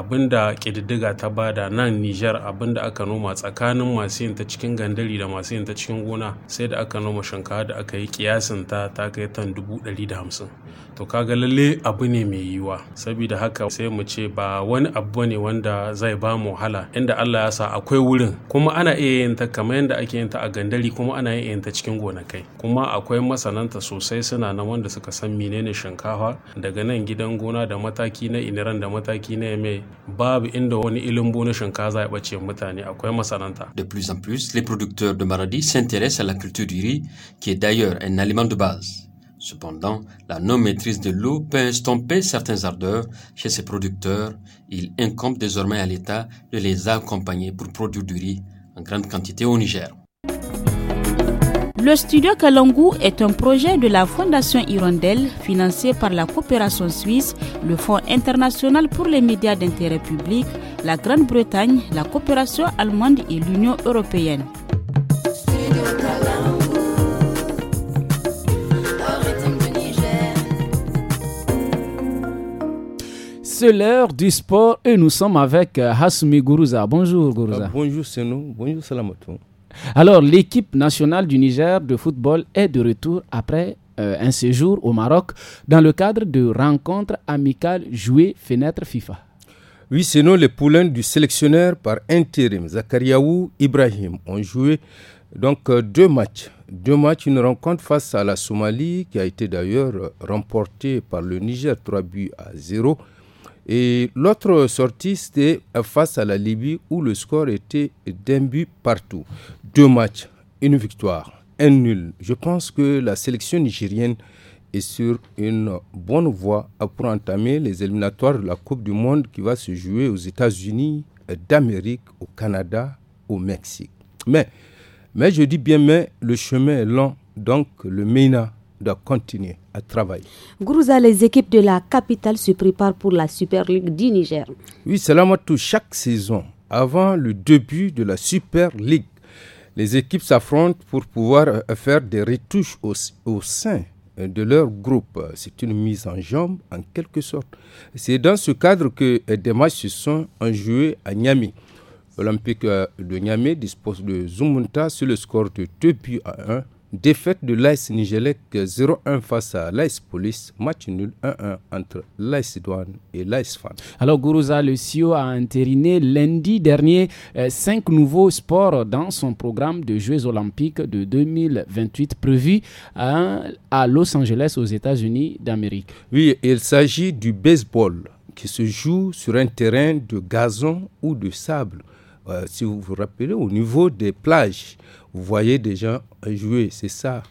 abinda kididdiga ta bada nan Nijar abinda aka noma tsakanin masu yin ta cikin gandari da masu yin ta cikin gona sai da aka noma shinkafa da aka yi kiyasin ta ta kai tan dubu ɗari da hamsin to kaga lalle abu ne mai yiwuwa saboda haka sai mu ce ba wani abu ne wanda zai ba mu wahala inda Allah ya sa akwai wurin kuma ana iya yin ta kamar yadda ake yin ta a gandari kuma ana iya yin ta cikin gonakai kuma akwai masananta sosai suna nan wanda suka san menene shinkafa daga nan gidan gona da mataki na iniran da mataki na yame babu inda wani ilimbo na shinkafa zai bace mutane akwai masananta de plus en plus les producteurs de maradi s'intéressent à la culture du riz qui est d'ailleurs un aliment de base Cependant, la non-maîtrise de l'eau peut estomper certains ardeurs chez ses producteurs. Il incombe désormais à l'État de les accompagner pour produire du riz en grande quantité au Niger. Le studio Kalangu est un projet de la Fondation Hirondelle financé par la coopération suisse, le Fonds international pour les médias d'intérêt public, la Grande-Bretagne, la coopération allemande et l'Union européenne. c'est l'heure du sport et nous sommes avec euh, Hassoumi Gourouza. Bonjour Gourouza. Euh, bonjour Seno, bonjour Salamatou. Alors, l'équipe nationale du Niger de football est de retour après euh, un séjour au Maroc dans le cadre de rencontres amicales jouées fenêtre FIFA. Oui, nous les poulains du sélectionneur par intérim, Zakariaou Ibrahim, ont joué donc deux matchs. Deux matchs, une rencontre face à la Somalie qui a été d'ailleurs remportée par le Niger 3 buts à 0 et l'autre sortie, c'était face à la Libye où le score était d'un but partout. Deux matchs, une victoire, un nul. Je pense que la sélection nigérienne est sur une bonne voie pour entamer les éliminatoires de la Coupe du Monde qui va se jouer aux États-Unis d'Amérique, au Canada, au Mexique. Mais, mais je dis bien, mais le chemin est long. Donc le MENA doit continuer à travailler. Gourouza, les équipes de la capitale se préparent pour la Super League du Niger. Oui, cela m'a tout chaque saison. Avant le début de la Super League, les équipes s'affrontent pour pouvoir euh, faire des retouches au, sein euh, de leur groupe. C'est une mise en jambe en quelque sorte. C'est dans ce cadre que euh, des matchs se sont enjoués à Niamey. L'Olympique de Niamey dispose de Zumunta sur le score de 2 buts à 1 Défaite de l'AS Nigelec 0-1 face à l'AS Police, match nul 1-1 entre l'AS Douane et l'AS Fan. Alors Gourouza, le CIO a entériné lundi dernier euh, cinq nouveaux sports dans son programme de Jeux olympiques de 2028 prévu à, Los Angeles aux États-Unis d'Amérique. Oui, il s'agit du baseball qui se joue sur un terrain de gazon ou de sable. Euh, si vous vous rappelez, au niveau des plages vous voyez des gens jouer. C'est ça,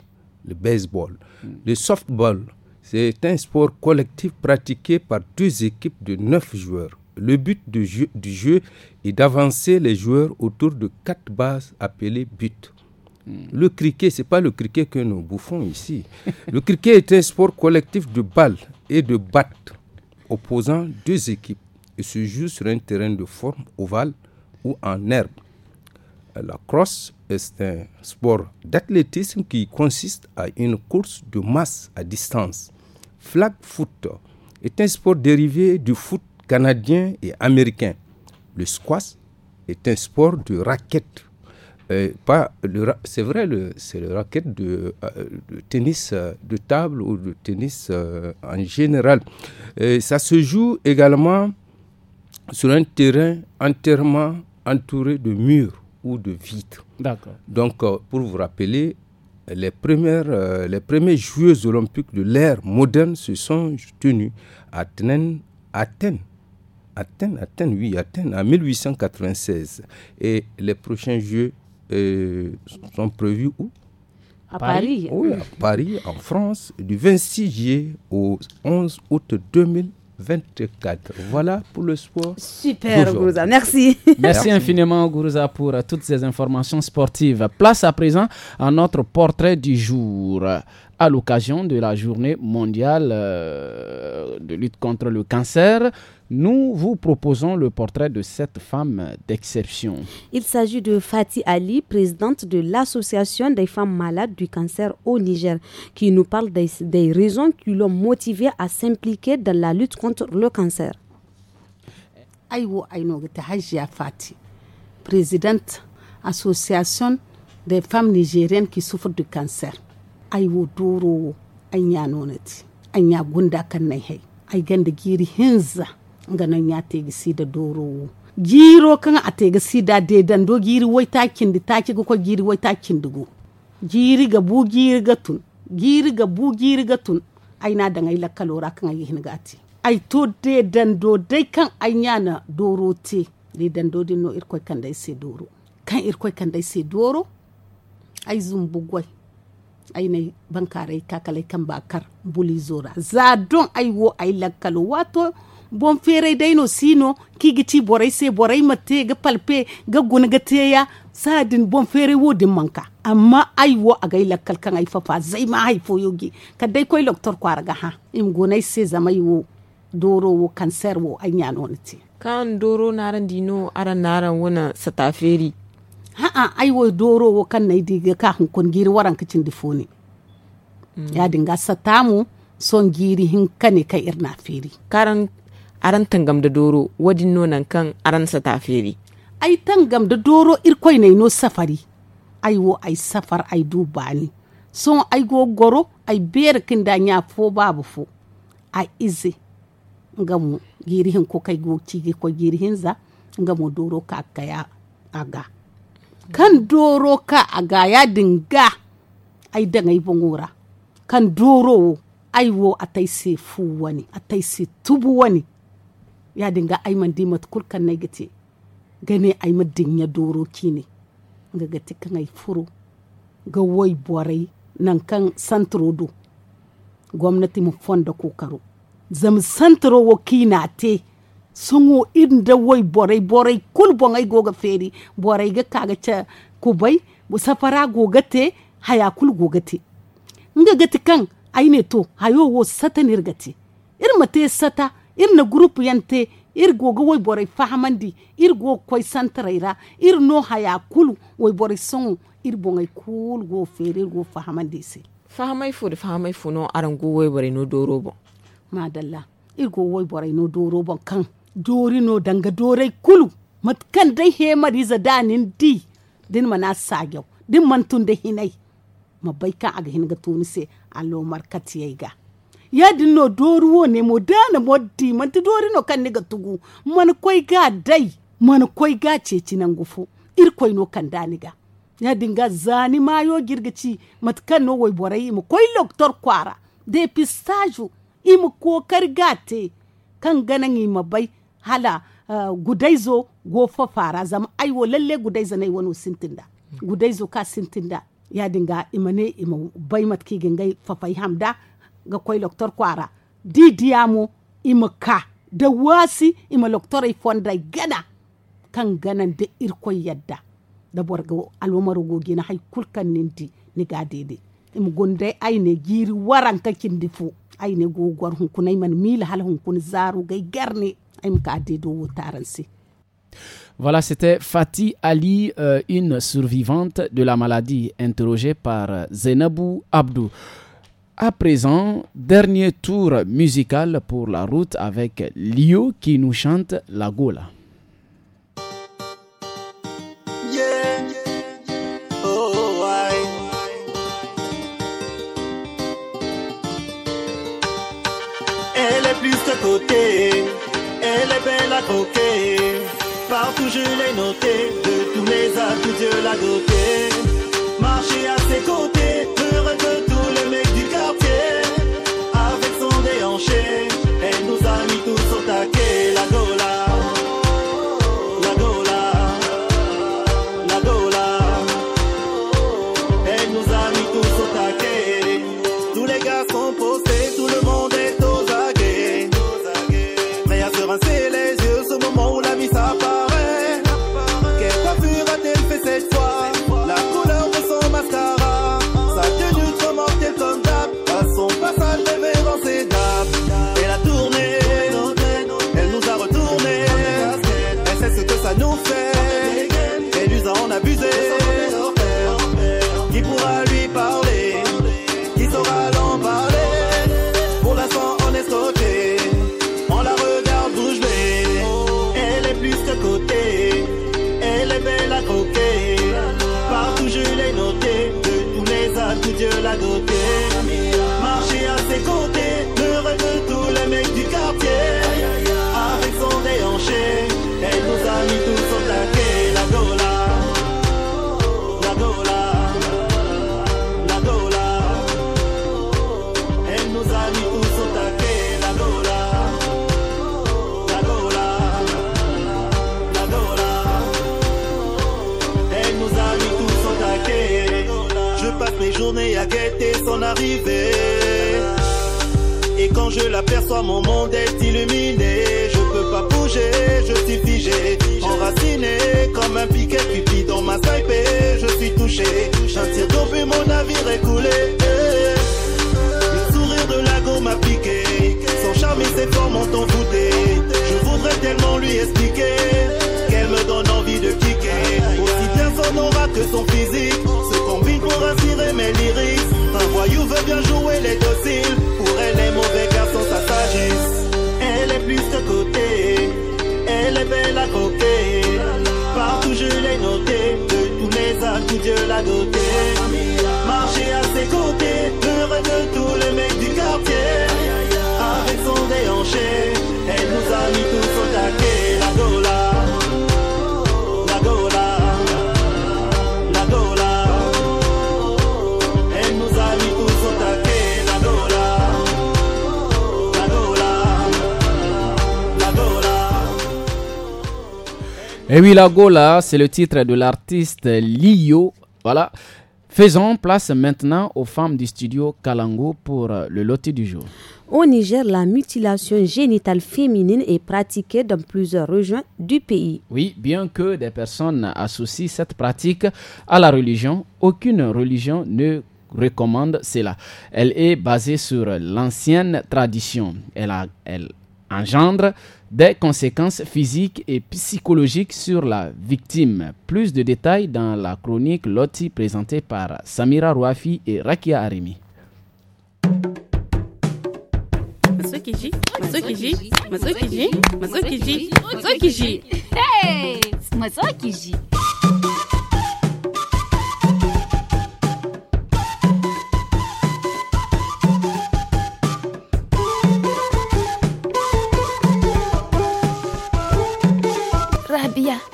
le baseball. Mm. Le softball, c'est un sport collectif pratiqué par deux équipes de neuf joueurs. Le but du jeu, est d'avancer les joueurs autour de quatre bases appelées buts. Mm. Le cricket, ce n'est pas le cricket que nous bouffons ici. le cricket est un sport collectif de balles et de battes opposant deux équipes et se joue sur un terrain de forme ovale ou en herbe. La crosse c'est un sport d'athlétisme qui consiste à une course de masse à distance. Flag foot est un sport dérivé du foot canadien et américain. Le squash est un sport de raquette. Euh, c'est vrai, c'est le raquette de, euh, tennis euh, de table ou de tennis euh, en général. ça se joue également sur un terrain entièrement entouré de murs de vitres. Donc, euh, pour vous rappeler, les, premières, euh, les premiers Jeux olympiques de l'ère moderne se sont tenus à Athènes, Athènes. Athènes, oui, Athènes, en 1896. Et les prochains Jeux euh, sont prévus où À Paris. Oui, à Paris, en France, du 26 juillet au 11 août 2000. 24. Voilà pour le sport. Super, Gourouza. Merci. Merci. infiniment, Gourouza, pour euh, toutes ces informations sportives. Place à présent à notre portrait du jour à l'occasion de la journée mondiale euh, de lutte contre le cancer. Nous vous proposons le portrait de cette femme d'exception. Il s'agit de Fatih Ali, présidente de l'Association des femmes malades du cancer au Niger, qui nous parle des, raisons qui l'ont motivée à s'impliquer dans la lutte contre le cancer. Fatih, présidente association des femmes nigériennes qui souffrent du cancer. ai wo doro an ya nonati ai nya gunda kan nai hai ai ganda giri hinza nya ya gisi da doro giro kan a gisi da dan do giri wai ta kindi ta ki ko giri wai takin go giri ga bu giri ga tun giri ga bu giri ga tun ai na lakkalora kan ai hin gati ai to dan do dai kan ai nya na doro te dan do din no irkoi kan dai sai doro kan irkoi kan dai sai doro ai zumbugwai aina bankarai kakalai kan bakar buli zora za don aiwo ai lakalo wato bon fere daino sino kigiti borai sai borai mate ga palpe ga guna ga teya sadin bon fere wo din manka amma aiwo a ga lakkal kan ai fafa zai ma haifo yogi kadai koi doktor kwara ga ha im gonai sai zama yiwo doro wo kanser wo an yano ne kan doro naran dino aran naran wona sataferi ha'a ai wo doro wo kan na idiga ka hun kon giri waran kicin difoni mm. ya dinga satamu son giri hin kane ka irna feri karan aran tangam da doro wadin nonan kan aran sa ta feri ai tangam da doro irkoi ne no safari ai wo ai safar ai dubani son ai go goro ai biyar kin da nya fo babu fo a izi ngamu hin ko kai go cige ko hin za ngamu doro ka kaya aga kan doro ka a ga ya dinga ai daga ibon wura kan doro wo ai wo atai se fu wani atai se tubu wani ya dinga ai man di mat kul kan negate gane ai ma dinga doro kini ga gati kan ai furo ga wai borai nan kan santro do gwamnati mu fonda kokaro zam santro wo kina te songo inda woy boray boray kul bongay goga feri boray ga kaga kubay kubai safara goga te haya kul goga te nga kan ayne to hayo wo sata nirgati Ir mate sata na group yante ir goga woy boray fahamandi ir go koy santraira ir no haya kul woy boray songo ir bongay kul go feri ir go fahamandi se fahamay fu de fahamay fu no arangu woy boray no dorobo madala, ir go woy boray no dorobo kan dorino danga dorai kulu matkan dai he mari danin di din mana sagyau din mantun da hinai mabai kan aga hinga tuni se allo markati yai ga ya din no doruwo ne mo dana moddi man dori dorino kan ne ga tugu man koi ga dai man koi ga ceci nan gufu ir koi no kan dani ga ya ga zani mayo girgici matkan no wai borai mu koi doktor kwara de pistaju imu kokar gate kan ganan yi mabai hala uh, gudaizo go fara zama aiwo lalle gudaizo nai wani sintinda gudaizo ka sintinda ya dinga imane ima bai matki gingai fafai hamda ga koi loktor kwara didiyamo ima ka da wasi ima loktor ifondai gana kan ganan da irkoi yadda da ga alwamar gogi na hai kulkan ninti ni ga daidai ima gonde ai ne giri waran kakin difu ai ne gogwar hunkunai man mila hal hunkun zaru gai garne MKD Voilà, c'était Fatih Ali, euh, une survivante de la maladie, interrogée par Zenabou Abdou. À présent, dernier tour musical pour la route avec Lio qui nous chante la Gola. je l'ai noté, de tous mes actes Dieu l'a doté. Marcher à ses côtés. lado quand je l'aperçois, mon monde est illuminé. Je peux pas bouger, je suis figé, enraciné comme un piquet Pipi dans m'a snipé, je suis touché. J'en tire mon navire écoulé Le sourire de Lago m'a piqué, son charme et ses formes ont envoûté. Je voudrais tellement lui expliquer qu'elle me donne envie de kicker. Aussi bien son aura que son physique se combinent pour inspirer mes lyrics. Un voyou veut bien jouer les dociles. Pour elle, les mauvais garçons, ça Elle est plus de côté. Elle est belle à côté, Partout je l'ai notée. De tous mes âmes, tout Dieu l'a dotée. Marcher à ses côtés. Heureux de tous les mecs du quartier. Avec son déhanché. Elle nous a mis tous au taquet. Et oui, la Gola, c'est le titre de l'artiste Lio. Voilà. Faisons place maintenant aux femmes du studio Kalango pour euh, le loti du jour. Au Niger, la mutilation génitale féminine est pratiquée dans plusieurs régions du pays. Oui, bien que des personnes associent cette pratique à la religion, aucune religion ne recommande cela. Elle est basée sur l'ancienne tradition. Elle, a, elle engendre des conséquences physiques et psychologiques sur la victime. Plus de détails dans la chronique Loti présentée par Samira Rouafi et Rakia Arimi. Hey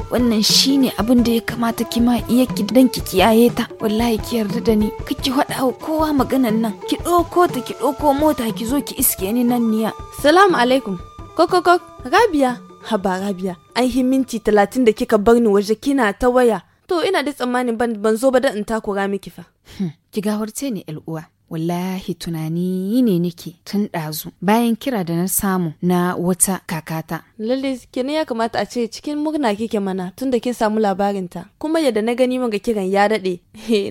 wannan shine abin da ya kamata ki ma iya ki dan ki kiyaye ta wallahi ki yarda da ni kike faɗa wa kowa maganan nan ki ɗauko ta ki ɗauko mota ki zo ki iske ni nan niya salamu alaikum kokokok rabiya haba rabiya an yi minti talatin da kika barni waje kina ta waya to ina da tsammanin ban zo ba da in takura miki fa hmm. ki gawarce ni uwa wallahi tunani ne nake tun ɗazu bayan kira da na samu na wata kakata. Lalle kenan ya kamata a ce cikin murna kike mana tunda kin samu labarinta kuma yadda na gani ga kiran ya daɗe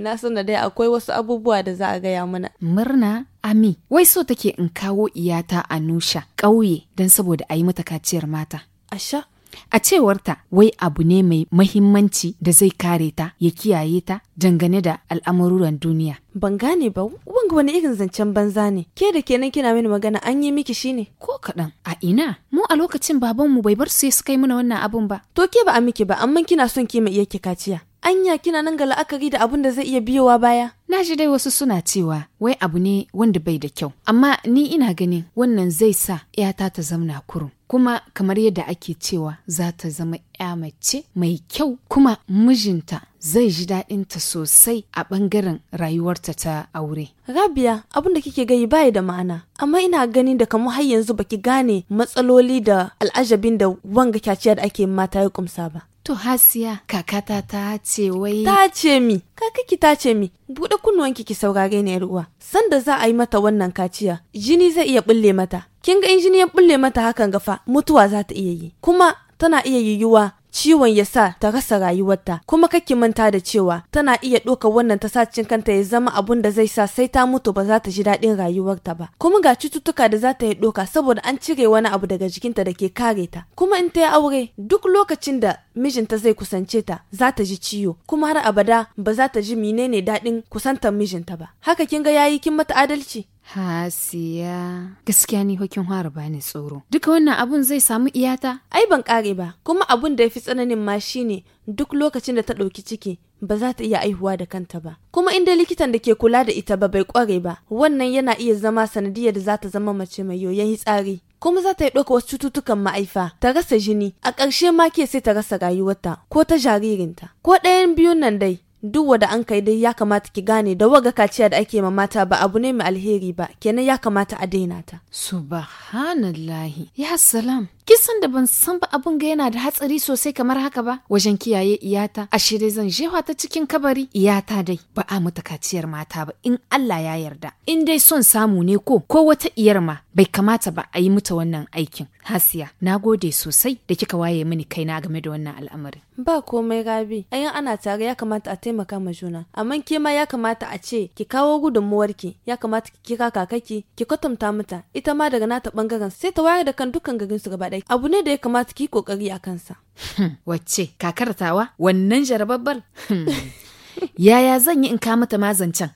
na san da dai akwai wasu abubuwa da za a gaya mana. Murna Ami, wai so take in kawo iyata a Nusha ƙauye don saboda a yi mata kaciyar mata. Asha, A cewarta wai abu ne mai mahimmanci da zai kare ta ya kiyaye ta dangane da al'amuran duniya. Ban gane ba, ga wani irin zancen banza ne, ke da kenan kina mini magana an yi miki shine. Ko kaɗan, a ina, mu a lokacin babanmu bai bar su ya suka yi mana wannan abun ba. To ke ba a miki ba, amma kina son ki ma iya ke kaciya. Anya kina nan ga la'akari da abun da zai iya biyowa baya? Na ji dai wasu suna cewa wai abu ne wanda bai da kyau, amma ni ina ganin wannan zai sa ‘yata ta zamna kurum. Kuma kamar yadda ake cewa za ta zama ‘ya mace mai kyau kuma mijinta zai ji daɗinta sosai a ɓangaren rayuwarta ta aure. Rabia abin da kike gayi baya da ma'ana, amma ina ganin da kamar har yanzu baki gane matsaloli da al'ajabin da wanga kyaciya da ake mata ya kumsa ba. To Hasiya, kakata ta ce wai. Ta ce mi, kakaki ta ce mi, buɗe kunnuwan ki saurare ni uwa. Sanda za a yi mata wannan kaciya, jini zai iya bulle mata. Kin ga in jini ya bulle mata hakan gafa, mutuwa za ta iya yi. Kuma tana iya yiwuwa ciwon ya sa ta rasa rayuwarta kuma kake manta da cewa tana iya ɗaukar wannan tasacin kanta ya zama abun da zai sa sai ta mutu ba za ta ji daɗin rayuwarta ba kuma ga cututtuka da za ta yi ɗoka saboda an cire wani abu daga jikinta da ke kare ta kuma in ta yi aure duk lokacin da mijinta zai kusance ta za ta ji ciwo kuma har abada ba za ta ji menene daɗin kusantar mijinta ba haka kin ga yayi kin mata adalci Hasiya. Gaskiya ni hokin ba ni tsoro. Duka wannan abun zai samu iyata? Ai ban kare ba, kuma abun da ya fi tsananin ma shine duk lokacin da ta ɗauki ciki ba za ta iya aihuwa da kanta ba. Kuma inda likitan da ke kula da ita ba bai kware ba, wannan yana iya zama sanadiyar da za ta zama mace mai yoyon tsari, Kuma za ta yi ɗauka wasu cututtukan ma'aifa, ta rasa jini, a ƙarshe ma ke sai ta rasa rayuwarta ko ta jaririnta. Ko ɗayan biyun nan dai, duk wanda an kai dai ya kamata ki gane da waga kaciya da ake ma mata ba abu ne mai alheri ba kenan ya kamata a daina ta subhanallahi ya salam kisan da ban san ba abun ga yana da hatsari sosai kamar haka ba wajen kiyaye iyata a shirye zan jewa ta cikin kabari iyata dai ba a mutu kaciyar mata ba in Allah ya yarda in dai son samu ne ko ko wata iyar ma bai kamata ba a yi mata wannan aikin hasiya na gode sosai da kika waye mini kaina game da wannan al'amarin ba komai rabi ayan ana tare ya kamata a taimaka ma juna amma ke ma ya kamata a ce ki kawo gudunmuwarki ya kamata ki kira kakaki ki kwatanta mata ita ma daga nata bangaren sai ta wayar da kan dukkan garin su gaba kadai abu ne da ya kamata ki kokari a kansa hmm, wacce kakar tawa wannan jarababbar hmm. yaya zan yi in ka mata mazancan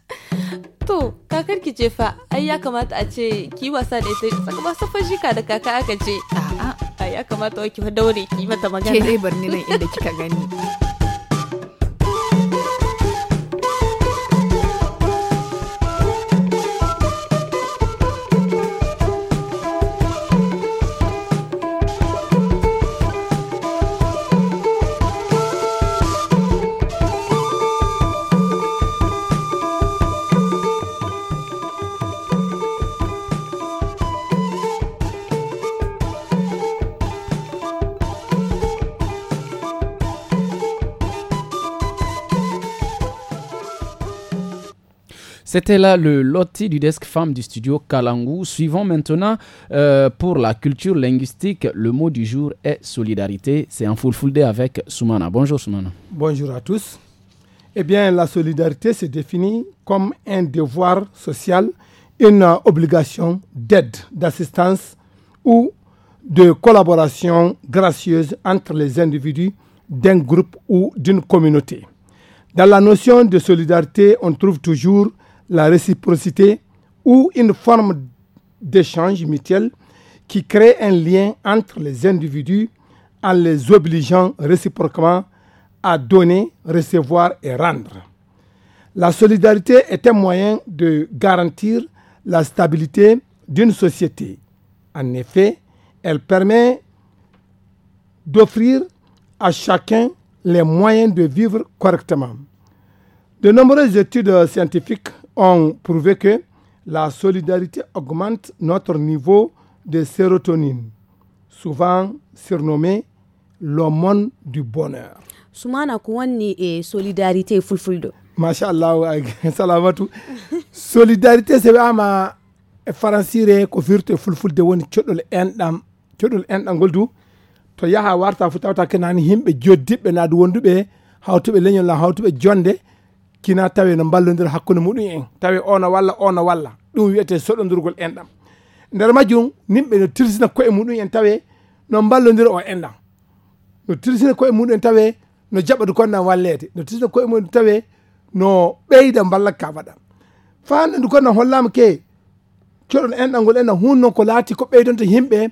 to kakar ki ce fa ai ya kamata a ce ki wasa da ita tsaka ba safar shika da kaka aka ce a'a ya kamata ki daure ki mata magana ke dai barni nan inda kika gani C'était là le loti du desk femme du studio Kalangu. Suivons maintenant euh, pour la culture linguistique. Le mot du jour est solidarité. C'est en full full avec Soumana. Bonjour Soumana. Bonjour à tous. Eh bien, la solidarité se définit comme un devoir social, une obligation d'aide, d'assistance ou de collaboration gracieuse entre les individus d'un groupe ou d'une communauté. Dans la notion de solidarité, on trouve toujours la réciprocité ou une forme d'échange mutuel qui crée un lien entre les individus en les obligeant réciproquement à donner, recevoir et rendre. La solidarité est un moyen de garantir la stabilité d'une société. En effet, elle permet d'offrir à chacun les moyens de vivre correctement. De nombreuses études scientifiques ont prouvé que la solidarité augmente notre niveau de sérotonine, souvent surnommée l'hormone du bonheur. Soumana Kouani et solidarité fulfuldo. Machallah, salamatu. solidarité c'est vraiment ama eh, faransire ko firte fulfulde woni codol endam codol endam goldu to yaha warta fu tawta kenani himbe joddibbe naadu wondube hawtuɓe leñol la hawtuɓe jonde kina tawe no ballodir hakkunde muɗum en tawe ona walla ona walla ɗum wiyete soɗodirgol enɗam nder majjum nimɓe no tirsina koye muɗum en tawe no ballodir o enɗam no tirsina koye muɗum en tawe no jaɓata konɗam wallede no tirsina koye muɗum tawe no ɓeyda ballal ka waɗa du konna hollama ke coɗon enɗal ngol enɗam hunno noon ko laati ko ɓeydonta yimɓe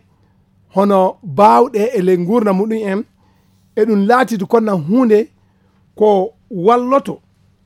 hono bawɗe e ley gurdam muɗum en eɗum laatide konna hunde ko walloto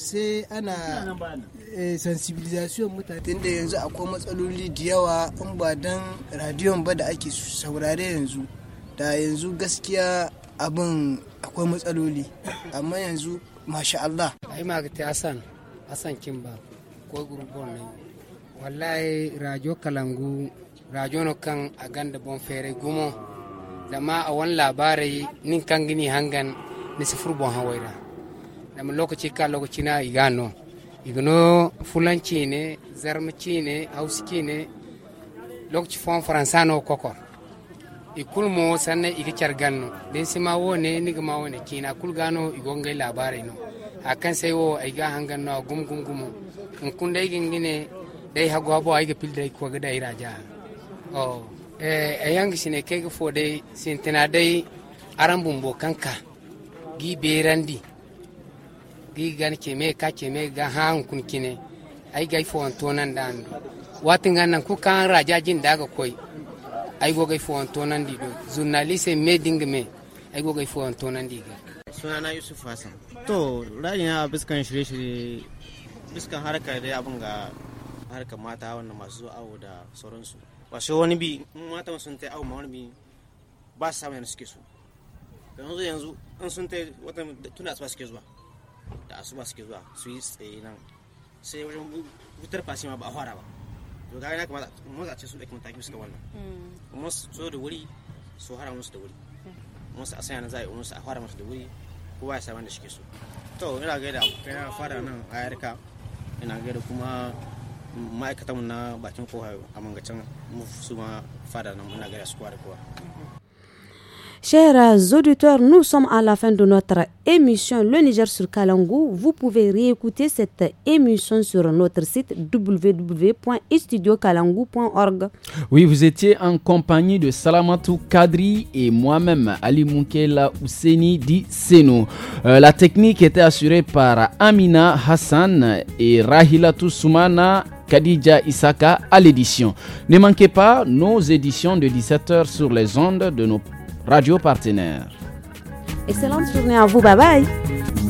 sai ana eh, sensibilisation mutane tunda yanzu akwai matsaloli da yawa in ba dan radiyon ba da ake saurare yanzu da yanzu gaskiya abin akwai matsaloli amma yanzu masha Allah ai magati Hassan Hassan Kimba ko gurbon ne wallahi rajo kalangu rajo no kan a ganda bon fere gumo da ma a wani labarai nin kan gini hangan ni sifur bon hawaira dama lokaci ka lokaci na igano igano fulanci ne zarmaci ne hauski ne lokaci fon faransano kokor ikul mo sanna iga chargano den sima wo ne niga ma wone kina kul gano ngai labarai no akan sai wo aiga hangan no gum gum gum nkunda igingine dai hago habo pil dai ko ga dai raja o eh ayang e sine kege fo dai sintina dai arambumbo kanka gi berandi i gan keme ka keme ga han kun kine ai gai fo an tonan dan do watin gan nan ku kan raja jin daga koi ai go gai fo an tonan di do journaliste me ding me ai go gai fo an tonan di ga suna na yusuf hasan to rayin a biskan shirye-shirye biskan harkar dai abun ga harkar mata wannan masu zuwa awo da sauransu ba shi wani bi mata sun ta awo ma wani bi ba su samun yana suke so yanzu yanzu an sun ta wata tuna suke zuwa da asuba suke zuwa su yi tsaye nan sai wajen wutar fasi ma ba a fara ba to ga na kamata mun za ce su dauki mataki suka wannan mm. kuma su zo da wuri su fara musu da wuri mm. kuma su asanya na za a yi musu a fara musu da wuri kowa ya samu da suke so to ina da kai na fara nan a yarka ina da kuma ma'aikatanmu na bakin kowa a mangacin su ma fara nan muna gaya su kowa da kowa mm-hmm. Chers auditeurs, nous sommes à la fin de notre émission Le Niger sur Kalangou. Vous pouvez réécouter cette émission sur notre site www.istudiokalangou.org. Oui, vous étiez en compagnie de Salamatou Kadri et moi-même, Ali Moukela Ousseni Di Seno. Euh, la technique était assurée par Amina Hassan et Rahila Soumana Kadija Isaka à l'édition. Ne manquez pas nos éditions de 17h sur les ondes de nos radio Partenaire. Excellente journée à vous, bye bye.